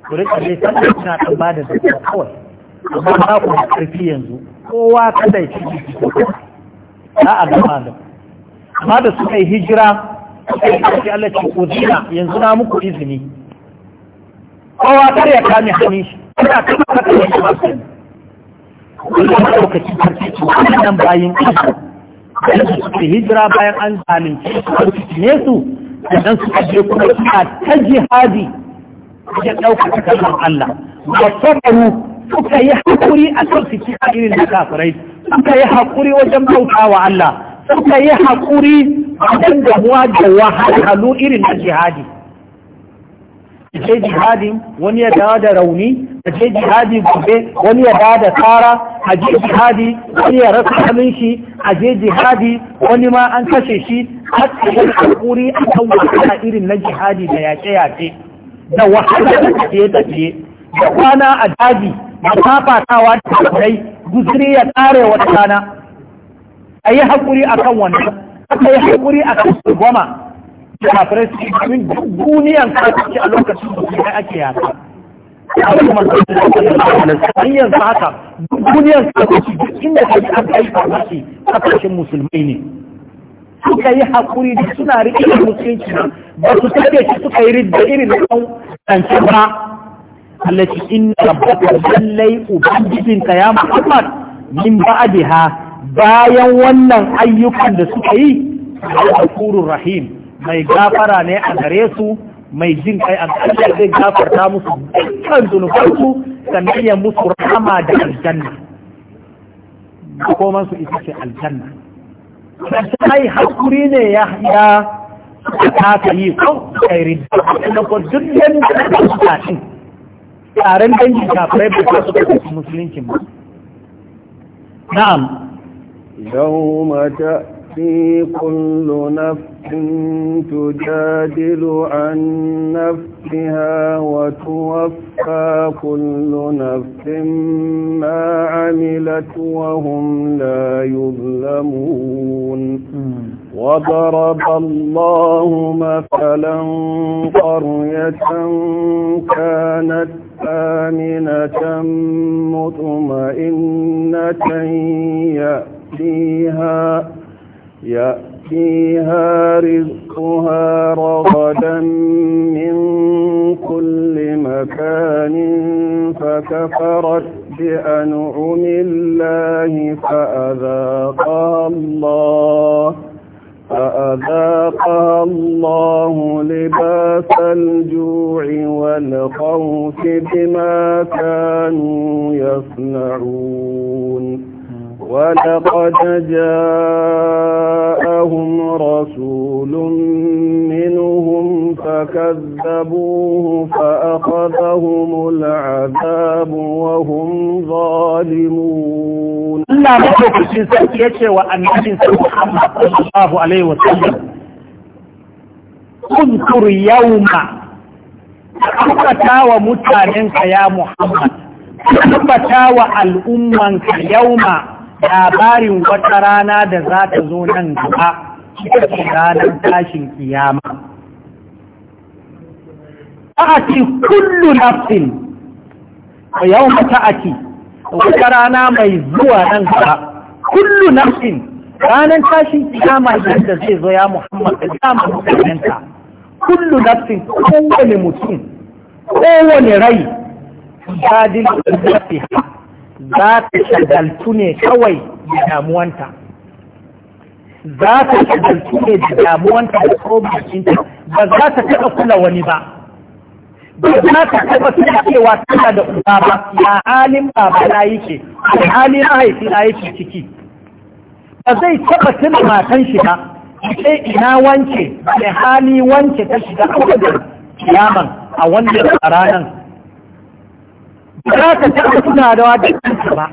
ku kare dai sallah suna kan da zakata kawai amma ba ku da karfi yanzu kowa kada ya ci za a gama da ku amma da suka yi hijira sai Allah ce uzina yanzu na muku izini kowa kar ya kame hannun shi ana kama kaka da shi masu ne Allah ya lokaci karfi su wannan bayin su hijira bayan an zalunci su ne su sannan suka je kuma suna ta jihadi wajen ɗaukar kalmar Allah wa sabaru suka yi haƙuri a kan su kira irin da kafirai suka yi haƙuri wajen bauta wa Allah suka yi haƙuri wajen damuwa da wahalhalu irin na jihadi je jihadi wani ya dawo da rauni a je jihadi gobe wani ya dawo da tsara a je jihadi wani ya rasa halin shi a je jihadi wani ma an kashe shi har tsayin haƙuri a kan wahala irin na jihadi da yaƙe-yaƙe da wahala da tafiye-tafiye da kwana a daji da fafatawa da kai guzuri ya tsare wata rana a yi haƙuri a kan wannan aka yi haƙuri a kan goma da hafirai su cikin duniyan kasuwanci a lokacin da kuma ake yaka an yanzu haka duniyan kasuwanci duk inda ka yi aka yi farmaci kasashen musulmai ne suka yi haƙuri da suna riƙe da musulunci ba su take shi suka yi ridda irin ɗan ɗance ba Allah ci inna rabbaka lallai ubangijinka ya Muhammad min ba'daha bayan wannan ayyukan da suka yi al-ghafurur rahim mai gafara ne a gare su mai jin kai an Allah zai gafarta musu dukkan zunubarsu sannan ya musu rama da aljanna koman su ita ce aljanna sai haƙuri ne ya ya ta ta yi ko kai ridda na ko duk yanda ka tsaya taron dangi kafirai ba su kai musulunci ba na'am يوم تأتي كل نفس تجادل عن نفسها وتوفى كل نفس ما عملت وهم لا يظلمون وضرب الله مثلا قرية كانت آمنة مطمئنة يأتي يأتيها يأتيها رزقها رغدا من كل مكان فكفرت بأنعم الله فأذاقها الله فأذاقها الله لباس الجوع والخوف بما كانوا يصنعون ولقد جاءهم رسول منهم فكذبوه فأخذهم العذاب وهم ظالمون لا مدوك الشنسة يتشي وأن الشنسة محمد صلى الله عليه وسلم اذكر يوم أخذتا ومتانك يا محمد أخذتا الأمة يوم labarin wata rana da za ta zo nan gaba ita ce ranar tashin kiyama ta'ati kullu nafsin yau yawma ta'ati wata rana mai zuwa nan gaba kullu nafsin ranar tashin kiyama yadda zai zo ya Muhammad da kama mutanenta kullu nafsin kowane mutum kowane rai ya dilin zafi haka za ta shagaltu ne kawai da damuwanta za ta shagaltu ne da damuwanta da tsobacinta ba za ta taɓa kula wani ba ba za ta taɓa suna cewa tana da uba ba ya halin baba na yake ya halin mahaifi na yake ciki ba zai taɓa tuna matan shi ba sai ina wanke da hali wanke ta shiga a wannan kiyaman a wannan ranar za ka taɓa tunawa da kanka ba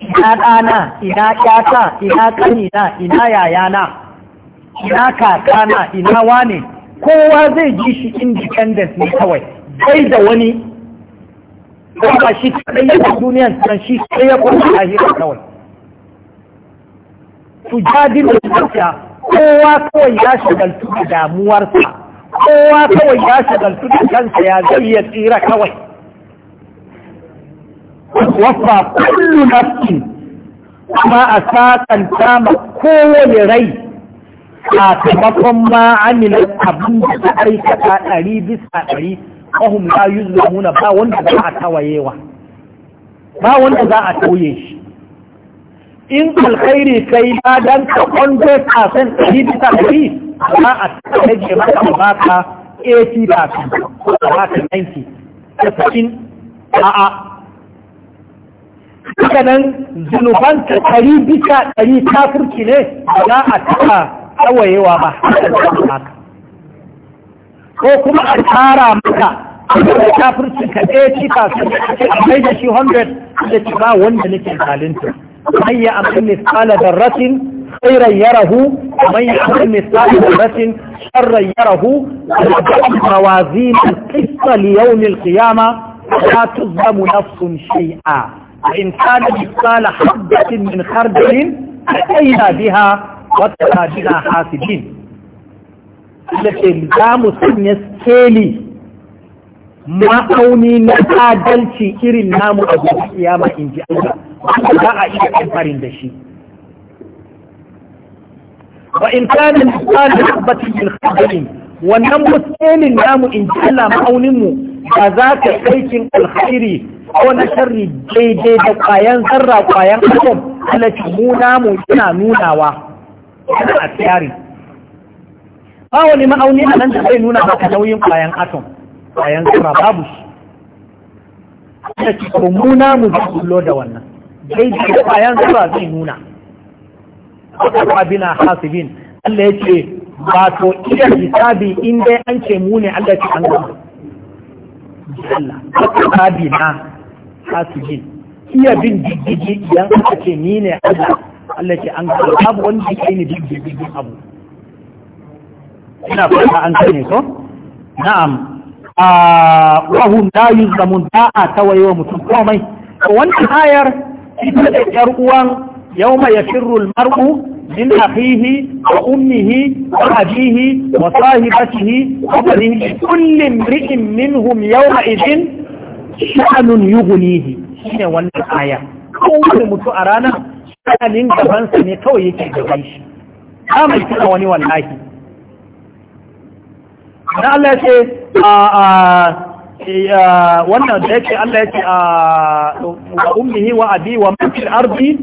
ina ɗana ina ƙyata ina ƙanina ina yayana ina kakana ina wane kowa zai ji shi independent ne kawai sai da wani ba shi kaɗai yadda duniyan san shi sai ya kwanci a hira kawai su jadi da zuciya kowa kawai ya shagaltu da damuwarsa kowa kawai ya shagaltu da kansa ya zai ya tsira kawai وفى كل نفس ما أساكا تام كل ري sakamakon ma amilan abin da ta aikata ɗari bisa ɗari ƙahun ya yi zuwa ba wanda za a tawayewa ba wanda za a toye shi in alkhairi kai ba don ka kwanzo kasan ɗari bisa ɗari ba a tage maka baka 80 ba ka 90 da sakin a'a haka nan zunuban ta ɗari bisa ɗari kafurci ne za a taɓa tsawayewa ba ko kuma a tara maka da kafurci ka ɗaya cika su a mai da shi 100 da ci ba wanda nake zalinta man ya amin misala da rasin ya rahu. man ya amin misala da rasin sharran yarahu da ba'an mawazin al-qissa li yawm al nafsun shai'a. وإن كان مثقال حبة من خردل أتينا بها وكفى بنا حاسبين لكن za mu sanya skeli ma'auni na adalci irin namu a gobe kiyama in ji Allah wanda za a iya kamfarin da shi wa in min wannan musulmin namu in ji Allah ma'auninmu ba za ka aikin alkhairi ko na sharri daidai da kwayan zarra kwayan atom alaci mu namu yana nunawa yana a tsari ba wani ma'auni a nan da zai nuna ka nauyin kwayan atom kwayan zarra babu shi alaci ko mu namu zai kullo da wannan daidai da kwayan zarra zai nuna. Wata abina hasibin Allah ya ce to idan hisabi in dai an ce mu ne Allah ci an gaba. Allah hisabi na hasibin iya bin diddigi idan aka ce ni ne Allah Allah ce an gaba, babu wani ke ni bin diddigi abu ina fata an sani ko na'am a ah, wahum la yuzlamun ba a tawayewa mutum komai wani ayar ita da yar uwan yawma yafirru al-mar'u من أخيه وأمه وأبيه وصاحبته وبنيه كل امرئ منهم يومئذ شأن يغنيه هنا وانا الآية كل متأرانا شأن جبان سنة يكي جبايش كما يتكوني والله na Allah ya ce a wannan da yake Allah ya ce a wa ummihi wa abi wa man fil ardi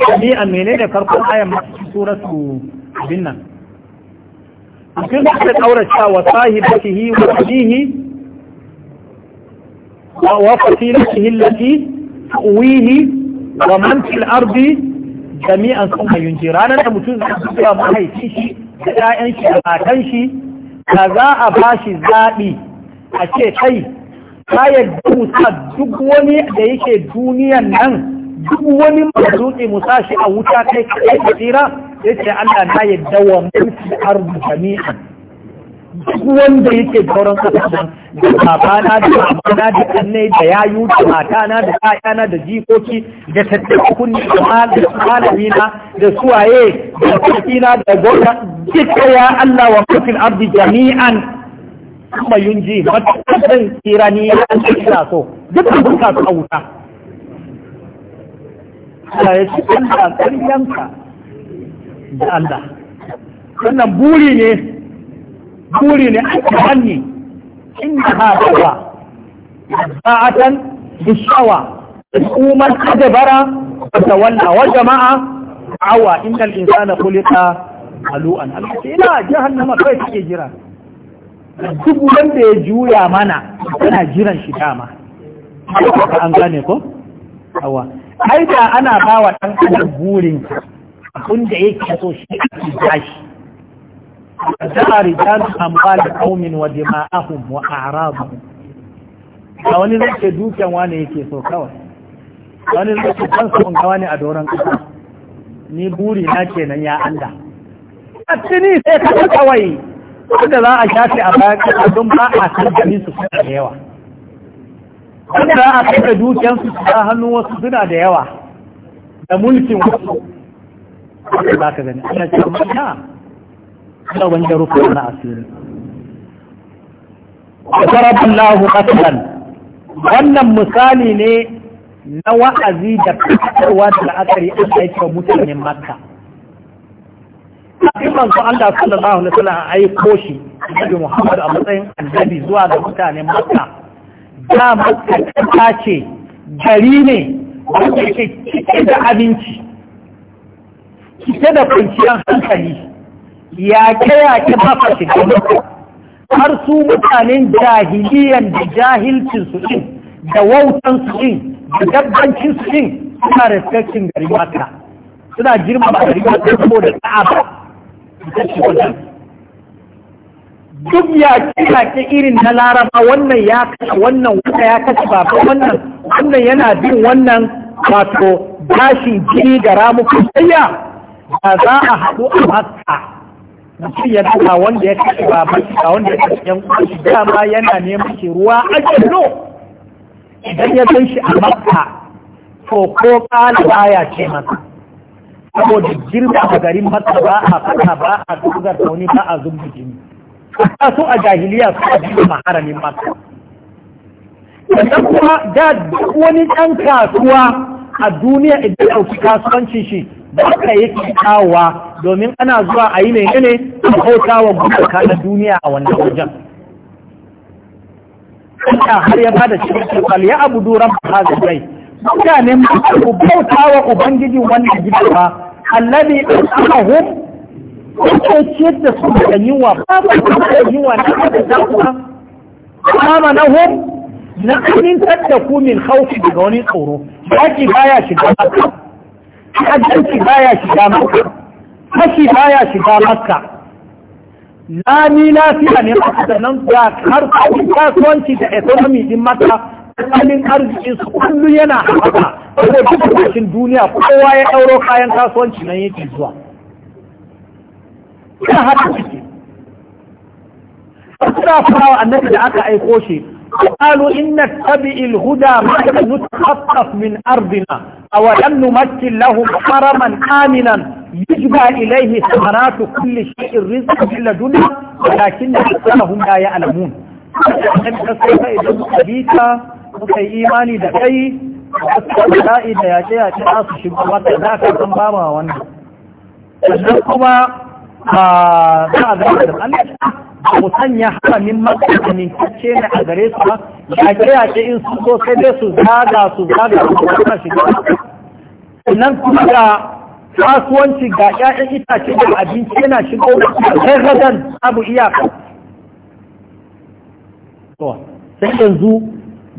jami'a menene farkon ayan masu suratu abin binnan. mutum da ta kaurace wa sahibatihi wa abihi wa fasilatihi allati tuwihi wa man fil jami'an kuma yunji ranar da mutum da zuwa mahaifi shi da ƴaƴan shi da matan shi da za a bashi zaɓi a ce kai ta yadda duk wani da yake duniyan nan duk wani musa shi a wuta kai kai ka tsira ya ce Allah na yadda wa mulki ardu jami'an duk wanda yake gauran kasa nan da babana da mamana da annai da yayu da matana da ƴaƴana da jikoki da tattakunni da malamina da suwaye da sarkina da gona duka ya Allah wa mulkin ardu jami'an kuma yunji matakan tsirani an tsira so duk abin ka su a wuta Allah ya ce Allah ƙaryanka da Allah wannan buri ne buri ne a hanni da ha dawa sa'atan bishawa umar adabara wa tawalla wa jama'a awa innal insana khuliqa halu'an Allah ina jahannama kai take jira duk wanda ya juya mana yana jiran shi dama an gane ko awa ai da ana ba wa ɗan adam burin abin da yake so shi ake bashi da rijal amwal qaumin wa dima'ahum wa arabu A wani zai dukiyan wani yake so kawai wani zai ce kan sun gawa ne a doron kasa ni buri na kenan ya anda. a tuni sai ka kawai wanda za a shafe a bayan ƙasa don ba a san jami'in su da yawa wanda a kaɗa dukiyansu a hannu wasu suna da yawa da mulkin wasu haka za ka gani ana cewa mata ana wanda rufe wani asiri sarrafin lahu matsalan wannan misali ne na wa'azi da fitarwa da la'akari an aika mutanen makka kafin manzo Allah sallallahu alaihi wasallam aiko shi Annabi Muhammad a matsayin annabi zuwa ga mutanen Makka ta ce gari ne wanda ke cike da abinci cike da kwanciyar hankali yaƙe-yaƙe ba fa shiga har su mutanen jahiliyan da jahilcin su ɗin da wautan su ɗin da dabbancin su ɗin suna respectin gari mata suna girma gari maka saboda ta'aba da ta ce wajen duk ya ke irin na laraba wannan ya kashe wannan wata ya kashe wannan wannan yana bin wannan wato gashin jini da ramukan tsayya da za a haɗu a makka mutum ya nuna wanda ya kashe baban ba wanda ya kashe yan kwashi dama yana neman shi ruwa a jallo idan ya san shi a maka to ko kala baya ce masa saboda girma a garin maka ba a fata ba a dogar tauni ba a zumbi jini hatta su a jahiliya su a jiya maharamin masu sannan kuma da duk wani ɗan kasuwa a duniya idan ɗauki kasuwancin shi ba ka yi kawowa domin ana zuwa a yi mai ne a bauta wa gudunka na duniya a wannan wajen Allah har ya bada cikin fal ya abu duran ba da rai mutanen ku bauta wa ubangiji wannan gidan ba a asahum kuke ciyar da su daga yunwa babu da yunwa na kada za ku kama na hom na amintar da ku min hauki daga wani tsoro yaki baya shiga maka hajjanci baya shiga maka kashi baya shiga maka na ni lafiya ne masu da nan da harkokin kasuwanci da economy din maka tattalin arzikin su kullum yana haɓaka saboda duk duniya kowa ya ɗauro kayan kasuwanci na yake zuwa ina haka suke suna farawa annabi da aka aiko shi قالوا إن نتبع الهدى معك نتخطف من أرضنا أولم نمكن لهم حرما آمنا يجبى إليه ثمرات كل شيء رزقا من لدنا ولكن أكثرهم لا يعلمون muka yi imani da kai wasu da'i da yaƙe yaƙe za su shiga wata za ka san kuma ba za a zama da Allah ba sanya haramin makamin kacce ne a gare su ba ya yaƙe ce in su so sai dai su zaga su zaga su zaga shiga nan kuma ga kasuwanci ga ƴaƴan itace da abinci yana shigo sai gadan abu iyaka to sai yanzu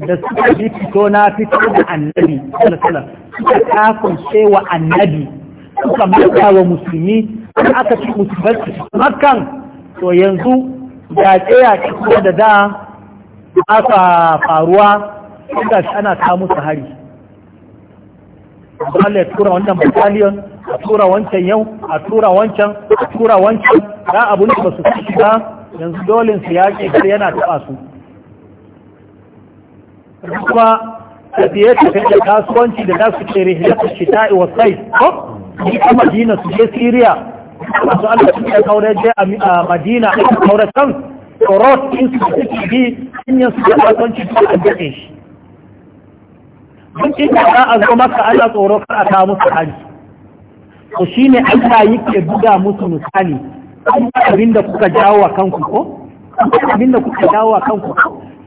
da suka bi fito na fito da annabi sallallahu alaihi wasallam suka kafin cewa annabi suka maka wa musulmi an aka ci musulmanci kan, to yanzu yaƙe tsaya kuma da da aka faruwa inda shi ana ta musu hari Allah ya tura wannan battalion a tura wancan yau a tura wancan a tura wancan da abun da ba su ci ba yanzu dolin su ya ke gari yana taɓa su kuma tafiye tafiye da kasuwanci da za su ce rihiyar shita'i wa sai ko a madina su je siriya masu allah su ya kaure je a madina a kaure kan tsorot in su suke bi yin su da kwanci su a daɗe shi duk inda za a zo maka ana tsoro kar a kawo musu hali to shine yi ke buga musu misali abinda kuka jawo wa kanku ko da kuka jawo a kanku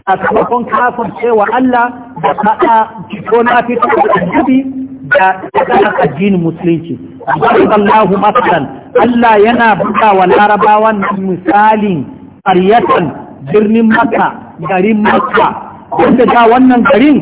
a sakamakon kafin cewa Allah da kaɗa ko na fito da annabi da kan addinin musulunci Allahu masalan Allah yana buga wa larabawan misalin ƙaryatan birnin Makka garin Makka wanda da wannan garin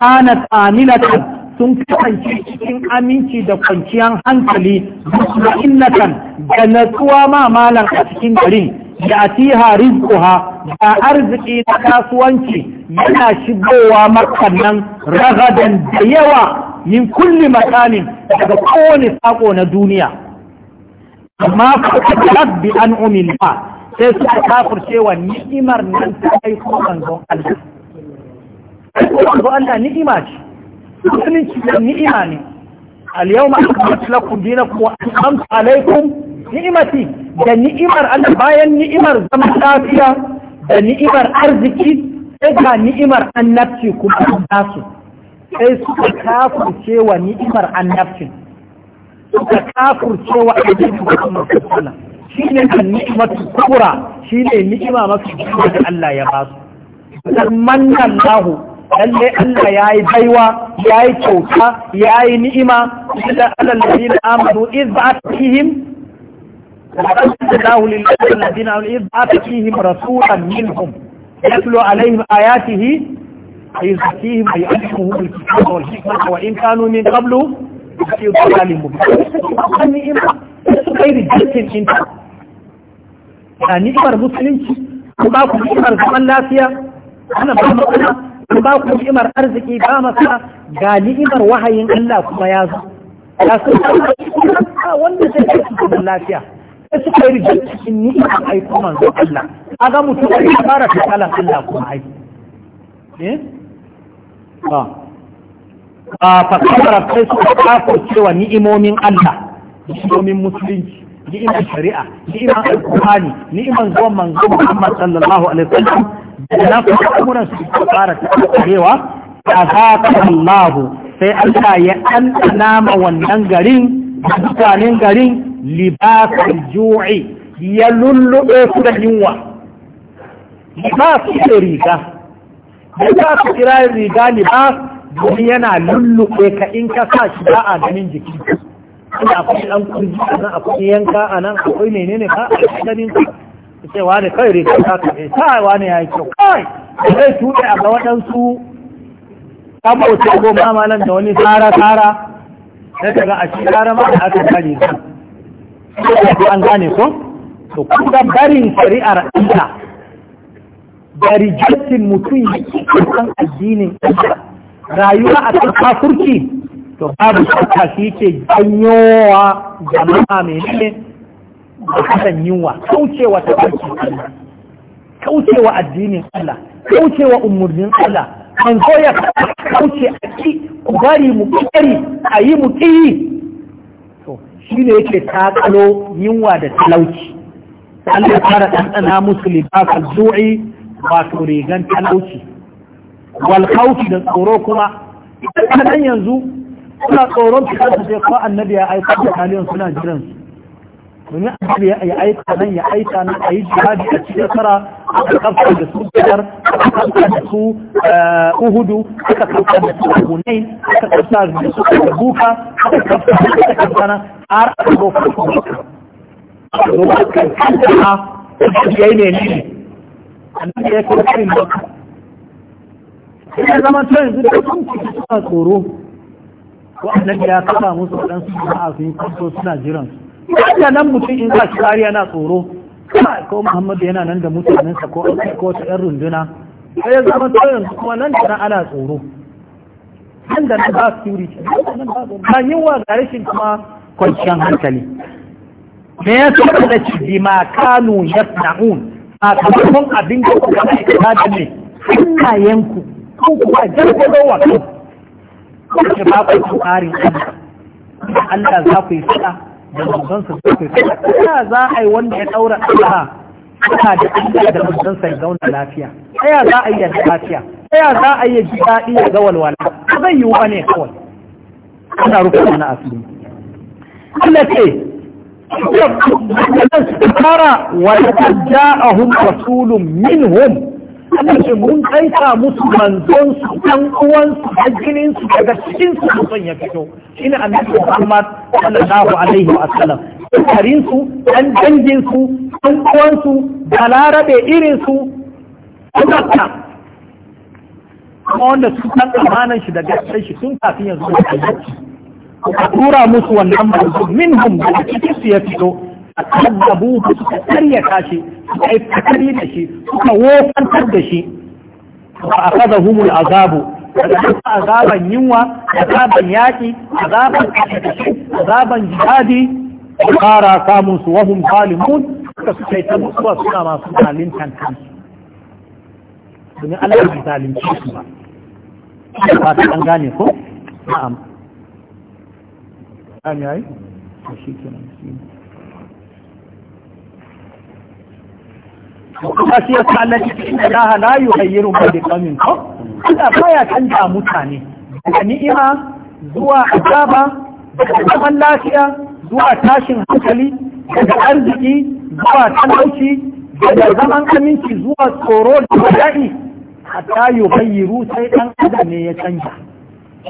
kana aminatan sun kasance cikin aminci da kwanciyar hankali musulminnatan da natsuwa ma malam a cikin garin da atiha rizquha da arziki na kasuwanci yana shigowa makan nan ragadan da yawa min kulli makanin daga kowane sako na duniya amma fa'adat bi an umillah sai suka kafirce wa ni'imar nan ta aiko manzon Allah aiko manzon Allah ni'ima ce musulunci da ni'ima ne al-yawm akmaltu lakum dinakum wa atmamtu alaikum ni'imati da ni'imar Allah bayan ni'imar zaman lafiya da ni'imar arziki sai ga ni'imar annabci kuma an tasu sai suka kafurce wa ni'imar annabcin suka kafurce wa annabcin Muhammad sallallahu shi ne kan ni'imatu kubra shi ne ni'ima mafi jirgin da Allah ya ba su dan manna Allah lallai Allah ya yi baiwa ya yi kyauta ya yi ni'ima idan alal ladina amanu iz ba'athihim الله للذين آمنوا إذ بعث فيهم رسولا منهم يتلو عليهم آياته فيزكيهم ويعلمهم الكتاب والحكمة وإن كانوا من قبل في ضلال مبين غير جد انت ni'imar musulunci an ba ku ni'imar zaman lafiya ana ba matsala an ba ku ni'imar arziki ba masa ga ni'imar wahayin Allah kuma ya zo ya sun a wanda zai kai zaman lafiya sai suka yi rijiyar cikin ni'imar aiko manzo Allah a ga mutum a fara fitalan Allah kuma aiki fasara sai suka kafa cewa ni'imomin Allah ni'imomin musulunci ni'imar shari'a ni'imar alkuhani ni'imar zuwan manzo Muhammad sallallahu alaihi wasallam da na kuma su fara tsarewa ta zaka Allahu sai Allah ya ɗanɗana ma wannan garin mutanen garin libasul ju'i ya lulluɓe su da yunwa libasul riga da za su kira riga ba. domin yana lulluɓe ka in ka sa shi ba a ganin jiki inda akwai ɗan kurji a nan akwai yanka a nan akwai menene ka a ganin ka wa ne kai riga ta ka mai sawa ne ya yi kyau kai da zai tuɗe a ga waɗansu kamota ko mamalan da wani tsara-tsara na daga a shi tsara ma da aka kare ka. An gane ko? To, kuma barin shari'ar Allah da rijistin mutum ya kan addinin rayuwa a kan kafurci to babu shakka shi ke janyowa jama'a mai ne da kasan yunwa kaucewa ta kwanci Allah kaucewa addinin Allah kaucewa umurnin Allah an goya kauce a ki ku bari mu kari a yi mu ki to shi ne yake takalo yunwa da talauci Allah ya fara ɗanɗana musu kan zu'i wato rigan talauci wal da tsoro kuma kadan yanzu suna tsoron fitar su ce kuma annabi ya aika da suna jiran su domin annabi ya aika nan ya aika nan a yi jihadi a cikin sara a kafa da su biyar da su uhudu aka kafa da su hunain aka kafa da su buka aka kafa da su kafa har kafa da su kafa da su kafa da su kafa da su kafa da su kafa da su kafa da su kafa da su kafa da su kafa da su kafa da su kafa da su kafa da su kafa da su kafa da su kafa da su kafa da su kafa da su kafa annabi ya kai karin maka sai zama to yanzu da sun ci suna tsoro ko annabi ya kafa musu waɗansu jama'a sun yi suna jiran su nan mutum in za shi kariya na tsoro ko muhammadu yana nan da mutanensa ko an ko ta yan runduna sai ya zama to yanzu kuma nan da nan ana tsoro nan da nan ba security ba yiwa ga rashin kuma kwanciyar hankali me ya tsoro da ci bima kanu yasna'un a kamakon abin da kuka aikata da ne hannayenku kan kuka jirgin wa kan kuka ba ku tsarin Allah Allah za ku yi fada da manzansa za ku yi fada ta za a yi wanda ya ɗaura Allah ana da Allah da manzansa ya zauna lafiya ɗaya za a yi yadda lafiya ɗaya za a yi ji daɗi ya ga walwala zai yi wa ne kawai ana rufe mana asiri Allah ce fara wa ja'ahum rasulun minhum ce mun aika musu manzon su dan uwan su su daga cikin su son ya fito shine annabi Muhammad sallallahu alaihi wa sallam karin su Ɗan dangin su dan uwan su balarabe irin su kuma wanda su san amanan shi da gaskiyar shi tun kafin yanzu da ayyuka ka tura musu wannan manzo minhum daga cikin su ya fito kazzabu suka karyata shi suka yi takari da shi suka wofantar da shi fa akhadahumul azabu daga duka azaban yunwa azaban yaƙi azaban kashe azaban jihadi fara samun su wahum zalimun suka suka yi ta mutuwa suna masu zalintan kansu domin Allah bai zalunce su ba ba ta an gane ko na'am an yayi to shi kenan kuma shi yasa Allah ya ce inna Allah la yughayyiru ko baya canza mutane daga ni'ima zuwa azaba daga zaman lafiya zuwa tashin hankali daga arziki zuwa talauci daga zaman aminci zuwa tsoro da bala'i hatta yughayyiru sai dan adam ne ya canza.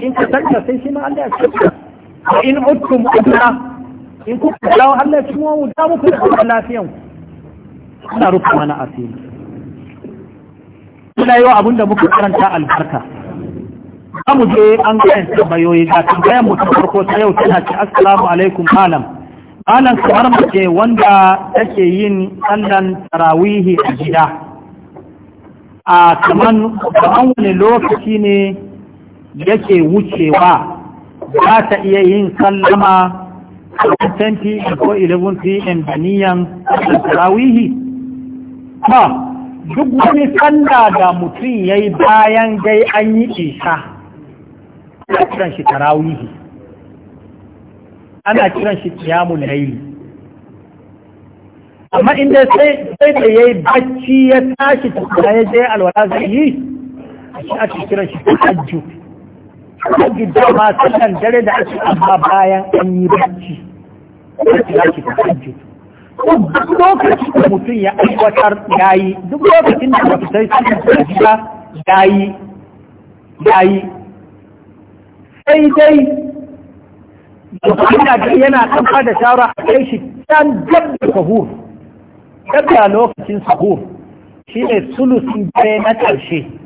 Shin ka canza sai shi ma Allah ya canja wa in utkum udna in ku kalawo Allah shi mu da muku da lafiyan Ina rufa mana asiri kuna yau abinda muka karanta albarka za mu je an gayan tambayoyi ga tambayan mu ta farko ta yau tana ce assalamu alaikum malam malam kamar mace wanda take yin sallan tarawihi a gida a kaman kaman wani lokaci ne yake wucewa za ta iya yin sallama a 10 pm ko 11 pm da niyan tarawihi ba duk wani sanda da mutum ya yi bayan gai an yi isa ana kiran shi tarawihi ana kiran shi kiyamun rai amma inda sai da ya yi bacci ya tashi ta ya je alwala zai yi a shi ake kiran shi hajji hajji ta kan dare da ake amma bayan an yi barci, bacci ya ki ta hajji duk lokacin da mutum ya aiwatar ya yi duk lokacin da ba fitar sallan da gida ya yi ya yi sai dai Yana da yana kafa da shawara a kai shi can gab da sahur, gab da lokacin sahur shi ne sulusin dare na ƙarshe.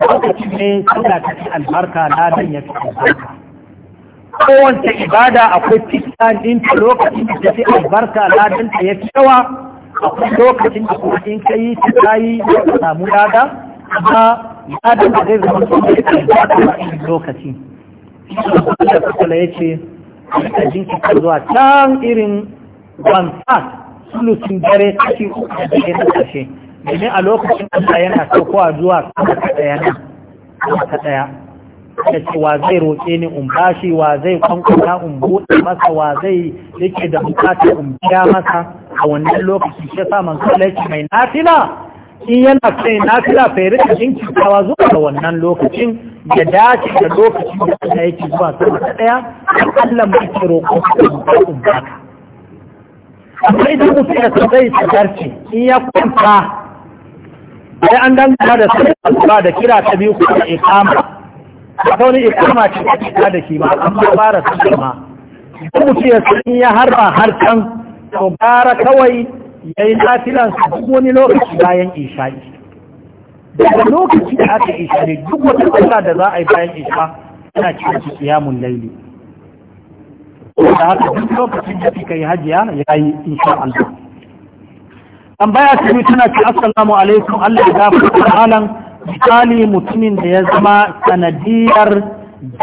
lokacin ne suna ta albarka na dan ya ci albarka kowace ibada akwai cikin ɗinta lokacin da ta albarka na dan ta ya cewa akwai lokacin da kuma in ka yi ta kayi ya samu lada amma ladan da zai zama kuma ya albarka a cikin lokaci da kula ya ce a jinkita zuwa can irin wansa third dare kashi uku da dare na ƙarshe domin a lokacin Allah yana saukowa zuwa sama ta ɗaya nan ta ɗaya da ce wa zai roƙe ni in bashi wa zai kwankwata in buɗe masa wa zai yake da bukata in biya masa a wannan lokacin shi sa man kallaki mai nafila in yana kai nafila da jinkin kawa zuwa ga wannan lokacin da dace da lokacin da yi yake zuwa sama ta ɗaya Allah mai ke roƙo in baka amma idan mutum ya zai sadarce in ya kwanta sai an dangana da sallah da kira ta biyu kuma ikama ta wani ikama ce ta kira da shi ba an ba fara sallah ma ko mutum ya san ya harba har can to gara kawai yayi nafilan su duk wani lokaci bayan isha'i daga lokaci da aka isa ne duk wata sallah da za a yi bayan isha yana cikin su kiyamun laili da haka duk lokacin da kika yi hajiya yayi insha Allah baya ta yi tana ce assalamu alaikum Allah ya gafarta malam misali mutumin da ya zama sanadiyar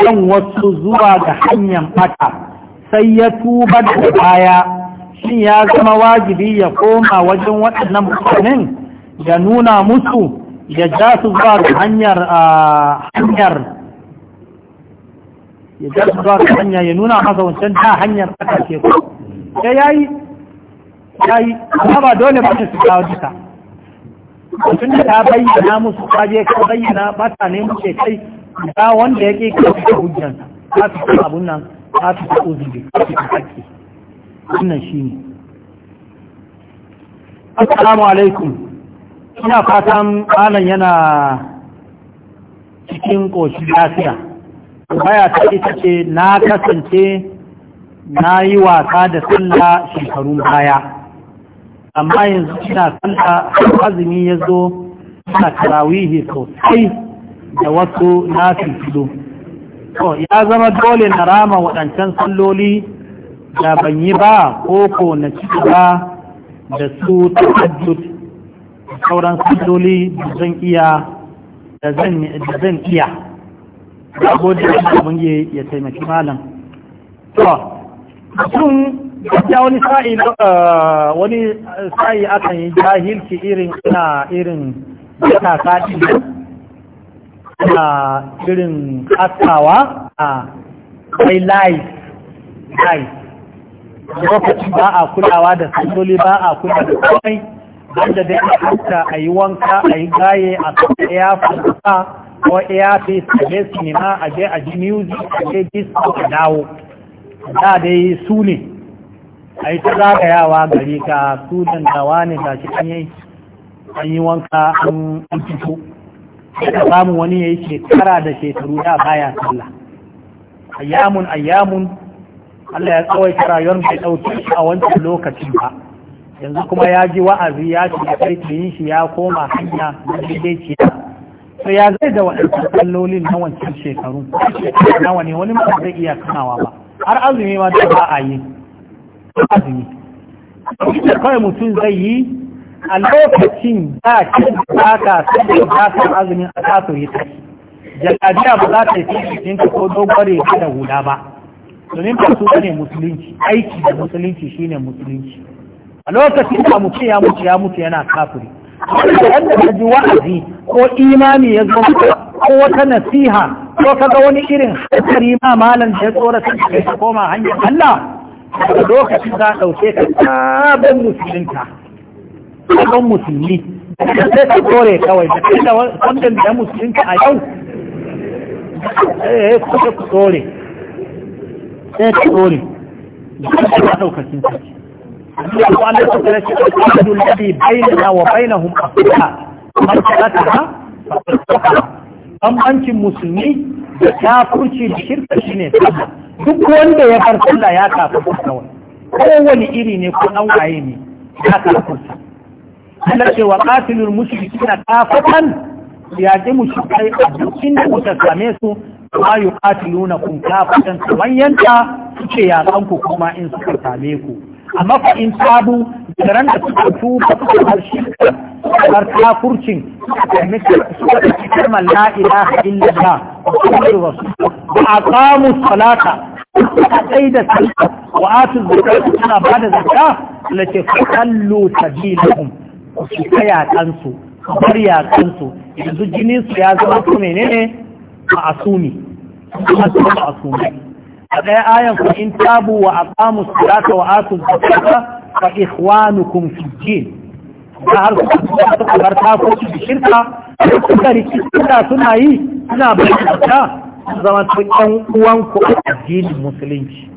jan wasu zuwa ga hanyar fata sai ya tuba da baya shin ya zama wajibi ya koma wajen waɗannan mutanen ya nuna musu ya ja su zuwa ga hanyar hanyar ya ja su zuwa ga hanya ya nuna masa wancan ta hanyar fata ke. ko sai yayi ya yi amma ba dole ba su kawo duka mutum da ta bayyana musu ta je ka bayyana ba ta ne muke kai ga wanda ya ke kawo ta hujjan ta fi kawo abun nan ta fi kawo zubi ta fi kawo hakki wannan shi ne assalamu alaikum ina fatan malam yana cikin koshin lafiya baya ta ita ce na kasance na yi wasa da sallah shekarun baya amma yanzu ina kanta azumi ya zo ina tarawihi sosai da wasu na fito to ya zama dole na rama waɗancan salloli da ban yi ba ko ko na ci ba da su ta tahajjud da sauran salloli da zan iya da zan iya da gode da ya taimaki malam to gaskiya wani sa'i eh, wani sa'i akan yi jahilci irin ina irin yana sa'i na irin kasawa a kai layi layi lokacin ba a kulawa da sandoli ba a kula da komai da dai a kuta a yi wanka a yi gaye a kasa ya fasa ko ya fi a je sinima a je a ji music a je disco a dawo da dai su ne a yi ta zagayawa gari ka sudan tawa ne ga shi an an yi wanka an fito ka samu wani ya yi shekara da shekaru da baya sallah ayyamun ayyamun Allah ya tsawaita rayuwar bai ɗauke shi a wancan lokacin ba yanzu kuma ya ji wa'azi ya ci da yin shi ya koma hanya na daidaiciya to ya zai da waɗansu kallolin na wancan shekaru nawa ne wani ma zai iya kamawa ba har azumi ma da ba a yi azumi da kawai mutum zai yi a lokacin da ke da ka sai da ba ka azumin a taso ya tashi jakadiya ba za ta yi cikin ka ko dogare ka da hula ba domin ba su ne musulunci aiki da musulunci shi ne musulunci a lokacin da mutum ya mutu ya mutu yana kafiri wanda ka ji wa'azi ko imani ya zo ko wata nasiha ko kaga wani irin hatsari ma malam da ya tsorata ka koma hanyar Allah daga lokacin ka ɗauke ka sabon musulunta sabon musulmi da sai su kore kawai da kai da wannan da musulunta a yau eh kuka ku kore sai su kore da kai ka ɗaukacin ka Allah kuma an ko kare shi da kudin ladhi bainana wa bainahum afda man talataha fa an musulmi da kafirci da shirka shine sabon duk wanda ya bar sallah ya kafurta kawai kowane iri ne ko an ne ya kafurta Allah ce wa qatilul mushrikina kafatan ya ji mushrikai a dukkan da kuka same su ma yuqatiluna kun kafatan kamar yanta suke yakan ku kuma in suka same ku amma fa in tabu ran da suka tuba suka bar shirka bar kafurcin suka tafi kalmar la ilaha illallah muhammadu rasul wa aqamu salata suka tsai da sallah wa atu zakata suna ba da zakka lace kallu sabilahum su kaya kansu bar ya kansu yanzu jinin su ya zama su menene ma'asumi kuma su ma'asumi a ɗaya ayan ku in tabu wa aqamu salata wa atu zakata fa ikhwanukum fi din ta har suka bar takoki da shirka suka riki suna suna yi suna bayyana ta zama ta ƴan uwanku a addinin musulunci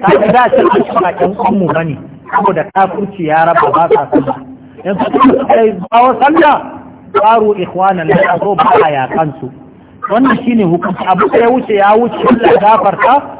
ta ga da ta ce ba ƴan uwanmu bane saboda kafirci ya raba ba sa sallah yanzu suka yi bawa sallah ƙwaro ikwanan da ya ba ya kansu. wannan shine hukunci abu da ya wuce ya wuce Allah gafarta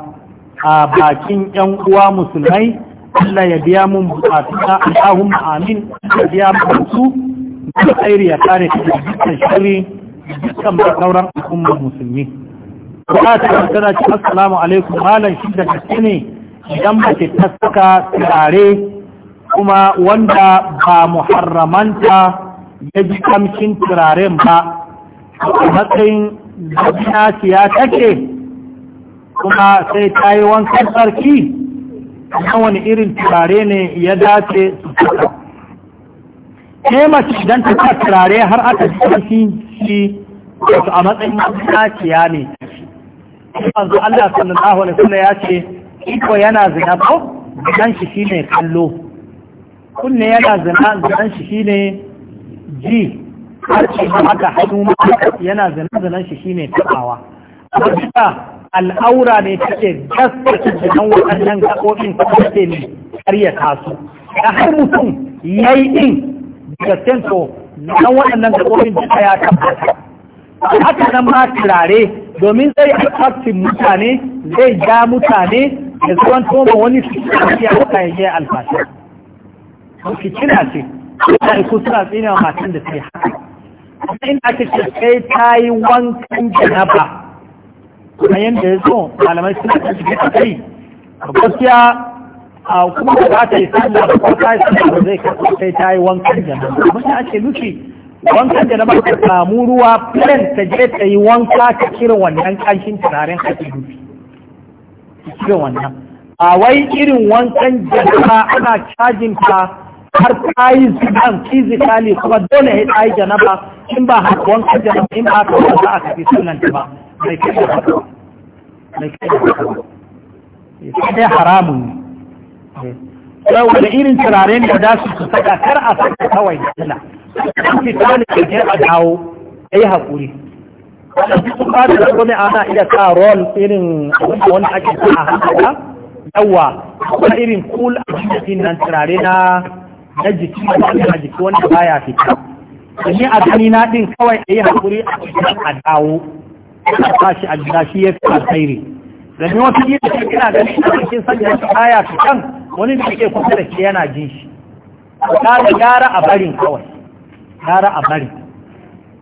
a bakin yan uwa musulmai Allah ya biya mun bukatuna Allahumma amin ya biya mun su da tsairi ya kare ta dukkan shiri dukkan sauran al'ummar musulmi ta tana ce assalamu alaikum malam shi da gaske ne idan ba ta saka turare kuma wanda ba muharramanta ya ji kamshin turaren ba a matsayin gajiya siya take kuma sai ta yi wankan tsarki na wani irin turare ne ya dace su fata mace don ta sa turare har aka ji shi a matsayin matsaciya ne manzo Allah sallallahu alaihi wasallam ya ce iko yana zina ko zan shi ne kallo kunne yana zina zan shi ne ji har ce haka hannu ma yana zina zinan shi shi ne tabawa amma al'aura ne take gaskata cikin waɗannan gaɓoɓin ta take ne karyata kasu da har mutum ya yi ɗin daga cento na waɗannan gaɓoɓin ta ya tabbata haka nan ma turare domin zai attractin mutane zai ja mutane da zuwan toma wani fitina a wata ya alfasa alfasha fitina ce ta iku suna tsinewa matan da ta yi haka in ake ce sai ta yi wankan janaba kuma yadda ya so malamai suna da shi a kai gaskiya a kuma ba ta yi sallah ba ko ta yi sallah ba zai kai sai ta yi wankan jana ba da ake nufi wankan jana ba ta samu ruwa filan ta je ta yi wanka ta kira wannan kanshin turaren ake nufi ta kira wannan a wai irin wankan jana ana cajin ta har ta yi zuban fizikali kuma dole ya ta yi jana ba in ba har wankan jana in ba ka za a tafi sunan ta ba mai kai haka mai kai haka sai haramun ne saboda eh. irin turaren da za su saka kar a saka kawai suna kan fita ne ke a dawo a yi haƙuri waɗansu sun ba da rangwame ana iya sa rol irin wani ake sa a hankala yawa kuma irin kul a jikin nan turare na na jiki wanda na jiki wanda ya fita domin a gani na ɗin kawai a yi haƙuri a cikin a dawo ka tashi a gida shi ya fi alkhairi domin wasu gida shi kina gani a cikin sanya shi kaya ta kan wani da ke kusa da shi yana jin shi ka gara a barin kawai gara a barin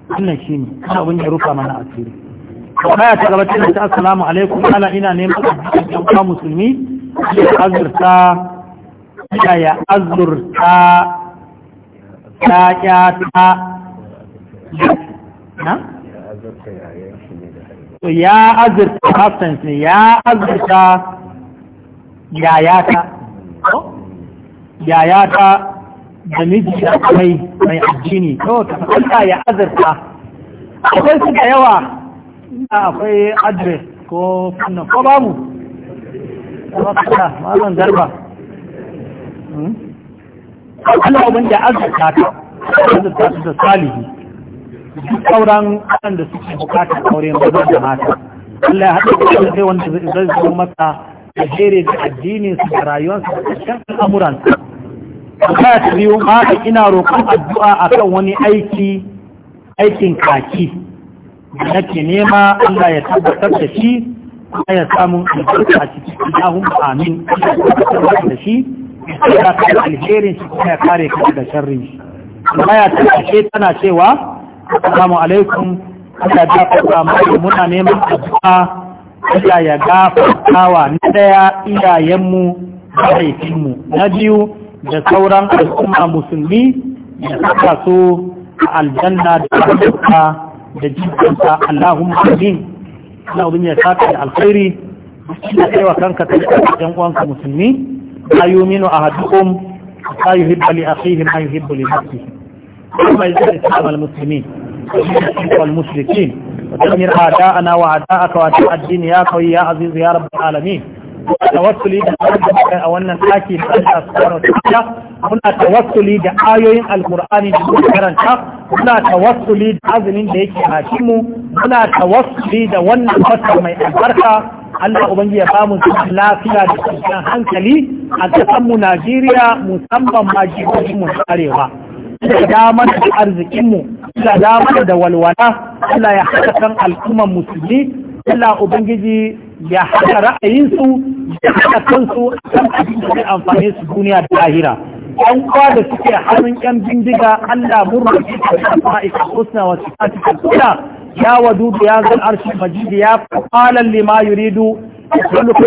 wannan shi ne ana wani rufa mana a turi kaya ta gaba cikin ta assalamu alaikum ana ina neman jikin yan uwa musulmi ya azurta ya ya azurta ta ya ta na ya azurta absence ne ya azurta yayata yayata da miji da mai mai addini to ta kanta ya azurta akwai su da yawa ina akwai address ko fannin ko babu kuma ma mazan garba hmm? Allah abin da azurta ta azurta ta da salihi duk sauran da suke bukatar aure maza da mata Allah ya haɗa da zai wanda zai zai masa da jere da addinin su da rayuwarsa da ƙarshen al'amuran ta ta biyu haka ina roƙon addu'a akan wani aiki aikin kaki da nake nema Allah ya tabbatar da shi kuma ya samu albarka cikin Allahun amin Allah ya tabbatar da shi ya kare alherin shi ya kare ka daga sharrin shi. ya tabbace tana cewa assalamu alaikum Allah ya fara mai muna neman addu'a Allah ya gafartawa na daya iyayenmu mu na biyu da sauran al'umma musulmi ya saka su a aljanna da rahmatuka da jikinta Allahumma amin Allah ubin ya saka da alkhairi ina kai wa kanka ta yan uwanka musulmi ayuminu ahadukum sa yuhibbu li akhihi ma yuhibbu li nafsihi ثم يزال الإسلام المسلمين والمشركين وتدمر أعداءنا وأعداءك وأعداء الدين يا قوي يا عزيز يا رب العالمين tawassuli da a wannan taki da Allah subhanahu wa ta'ala muna tawassuli da ayoyin alqur'ani da muka karanta muna tawassuli da azumin da yake hakimu muna tawassuli da wannan fata mai albarka Allah ubangiji ya bamu lafiya da kwanciyar hankali a kasan musamman ma jihohin mu arewa da damar da arzikinmu da damar da walwala Allah ya haɗa kan al'umman musulmi Allah Ubangiji ya haɗa ra'ayinsu ya haɗa kansu kan abin da amfani su duniya da lahira yan kwa da suke hannun yan bindiga Allah murna da ma'aikata husna wa sifati kula ya wadudu ya zan arshi majidi ya qalan lima yuridu يسألك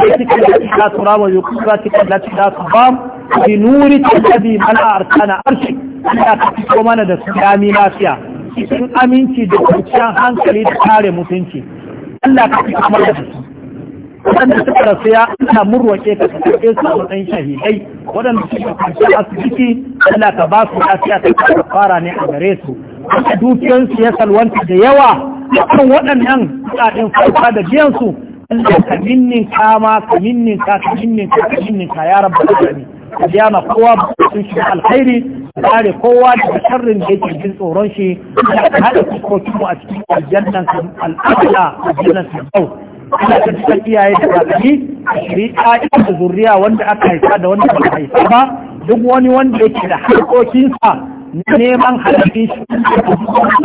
بعزتك التي لا ترى وبقدرتك التي لا تقام بنورك الذي ملأ أركان أرشك ana ka fito mana da su dami lafiya cikin aminci da kwanciyar hankali da kare mutunci Allah ka fito mana da su waɗanda suka rasu ya ana murwake ka karɓe su a matsayin shahidai waɗanda suka kwanci asibiti Allah ka ba su lafiya ta kara fara ne a gare su wanda dukiyansu ya salwanta da yawa kan waɗannan kuɗaɗen farfa da biyansu Allah ka minninka kama ka minninka, ka ka ka ka minnin ka ya rabbal alamin ka biya ma kowa sun shiga alkhairi kare kowa daga sharrin da yake jin tsoron shi ka haɗa kuskoki mu a cikin aljannan al'adala aljannan sabau Ina ta cikin iyaye da kakanni a shirika da zuriya wanda aka haifa da wanda aka haifa ba duk wani wanda yake da harkokinsa na neman halafi shi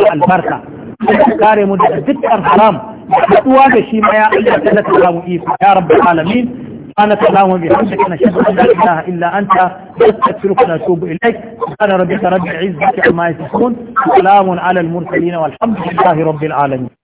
da albarka ka kare mu daga dukkan haram da haɗuwa da shi ma ya Allah ta lata iko ya rabbal alamin سبحانك اللهم وبحمدك نشهد ان لا اله الا انت نستغفرك ونتوب اليك سبحان ربك رب العزه عما يصفون سلام على المرسلين والحمد لله رب العالمين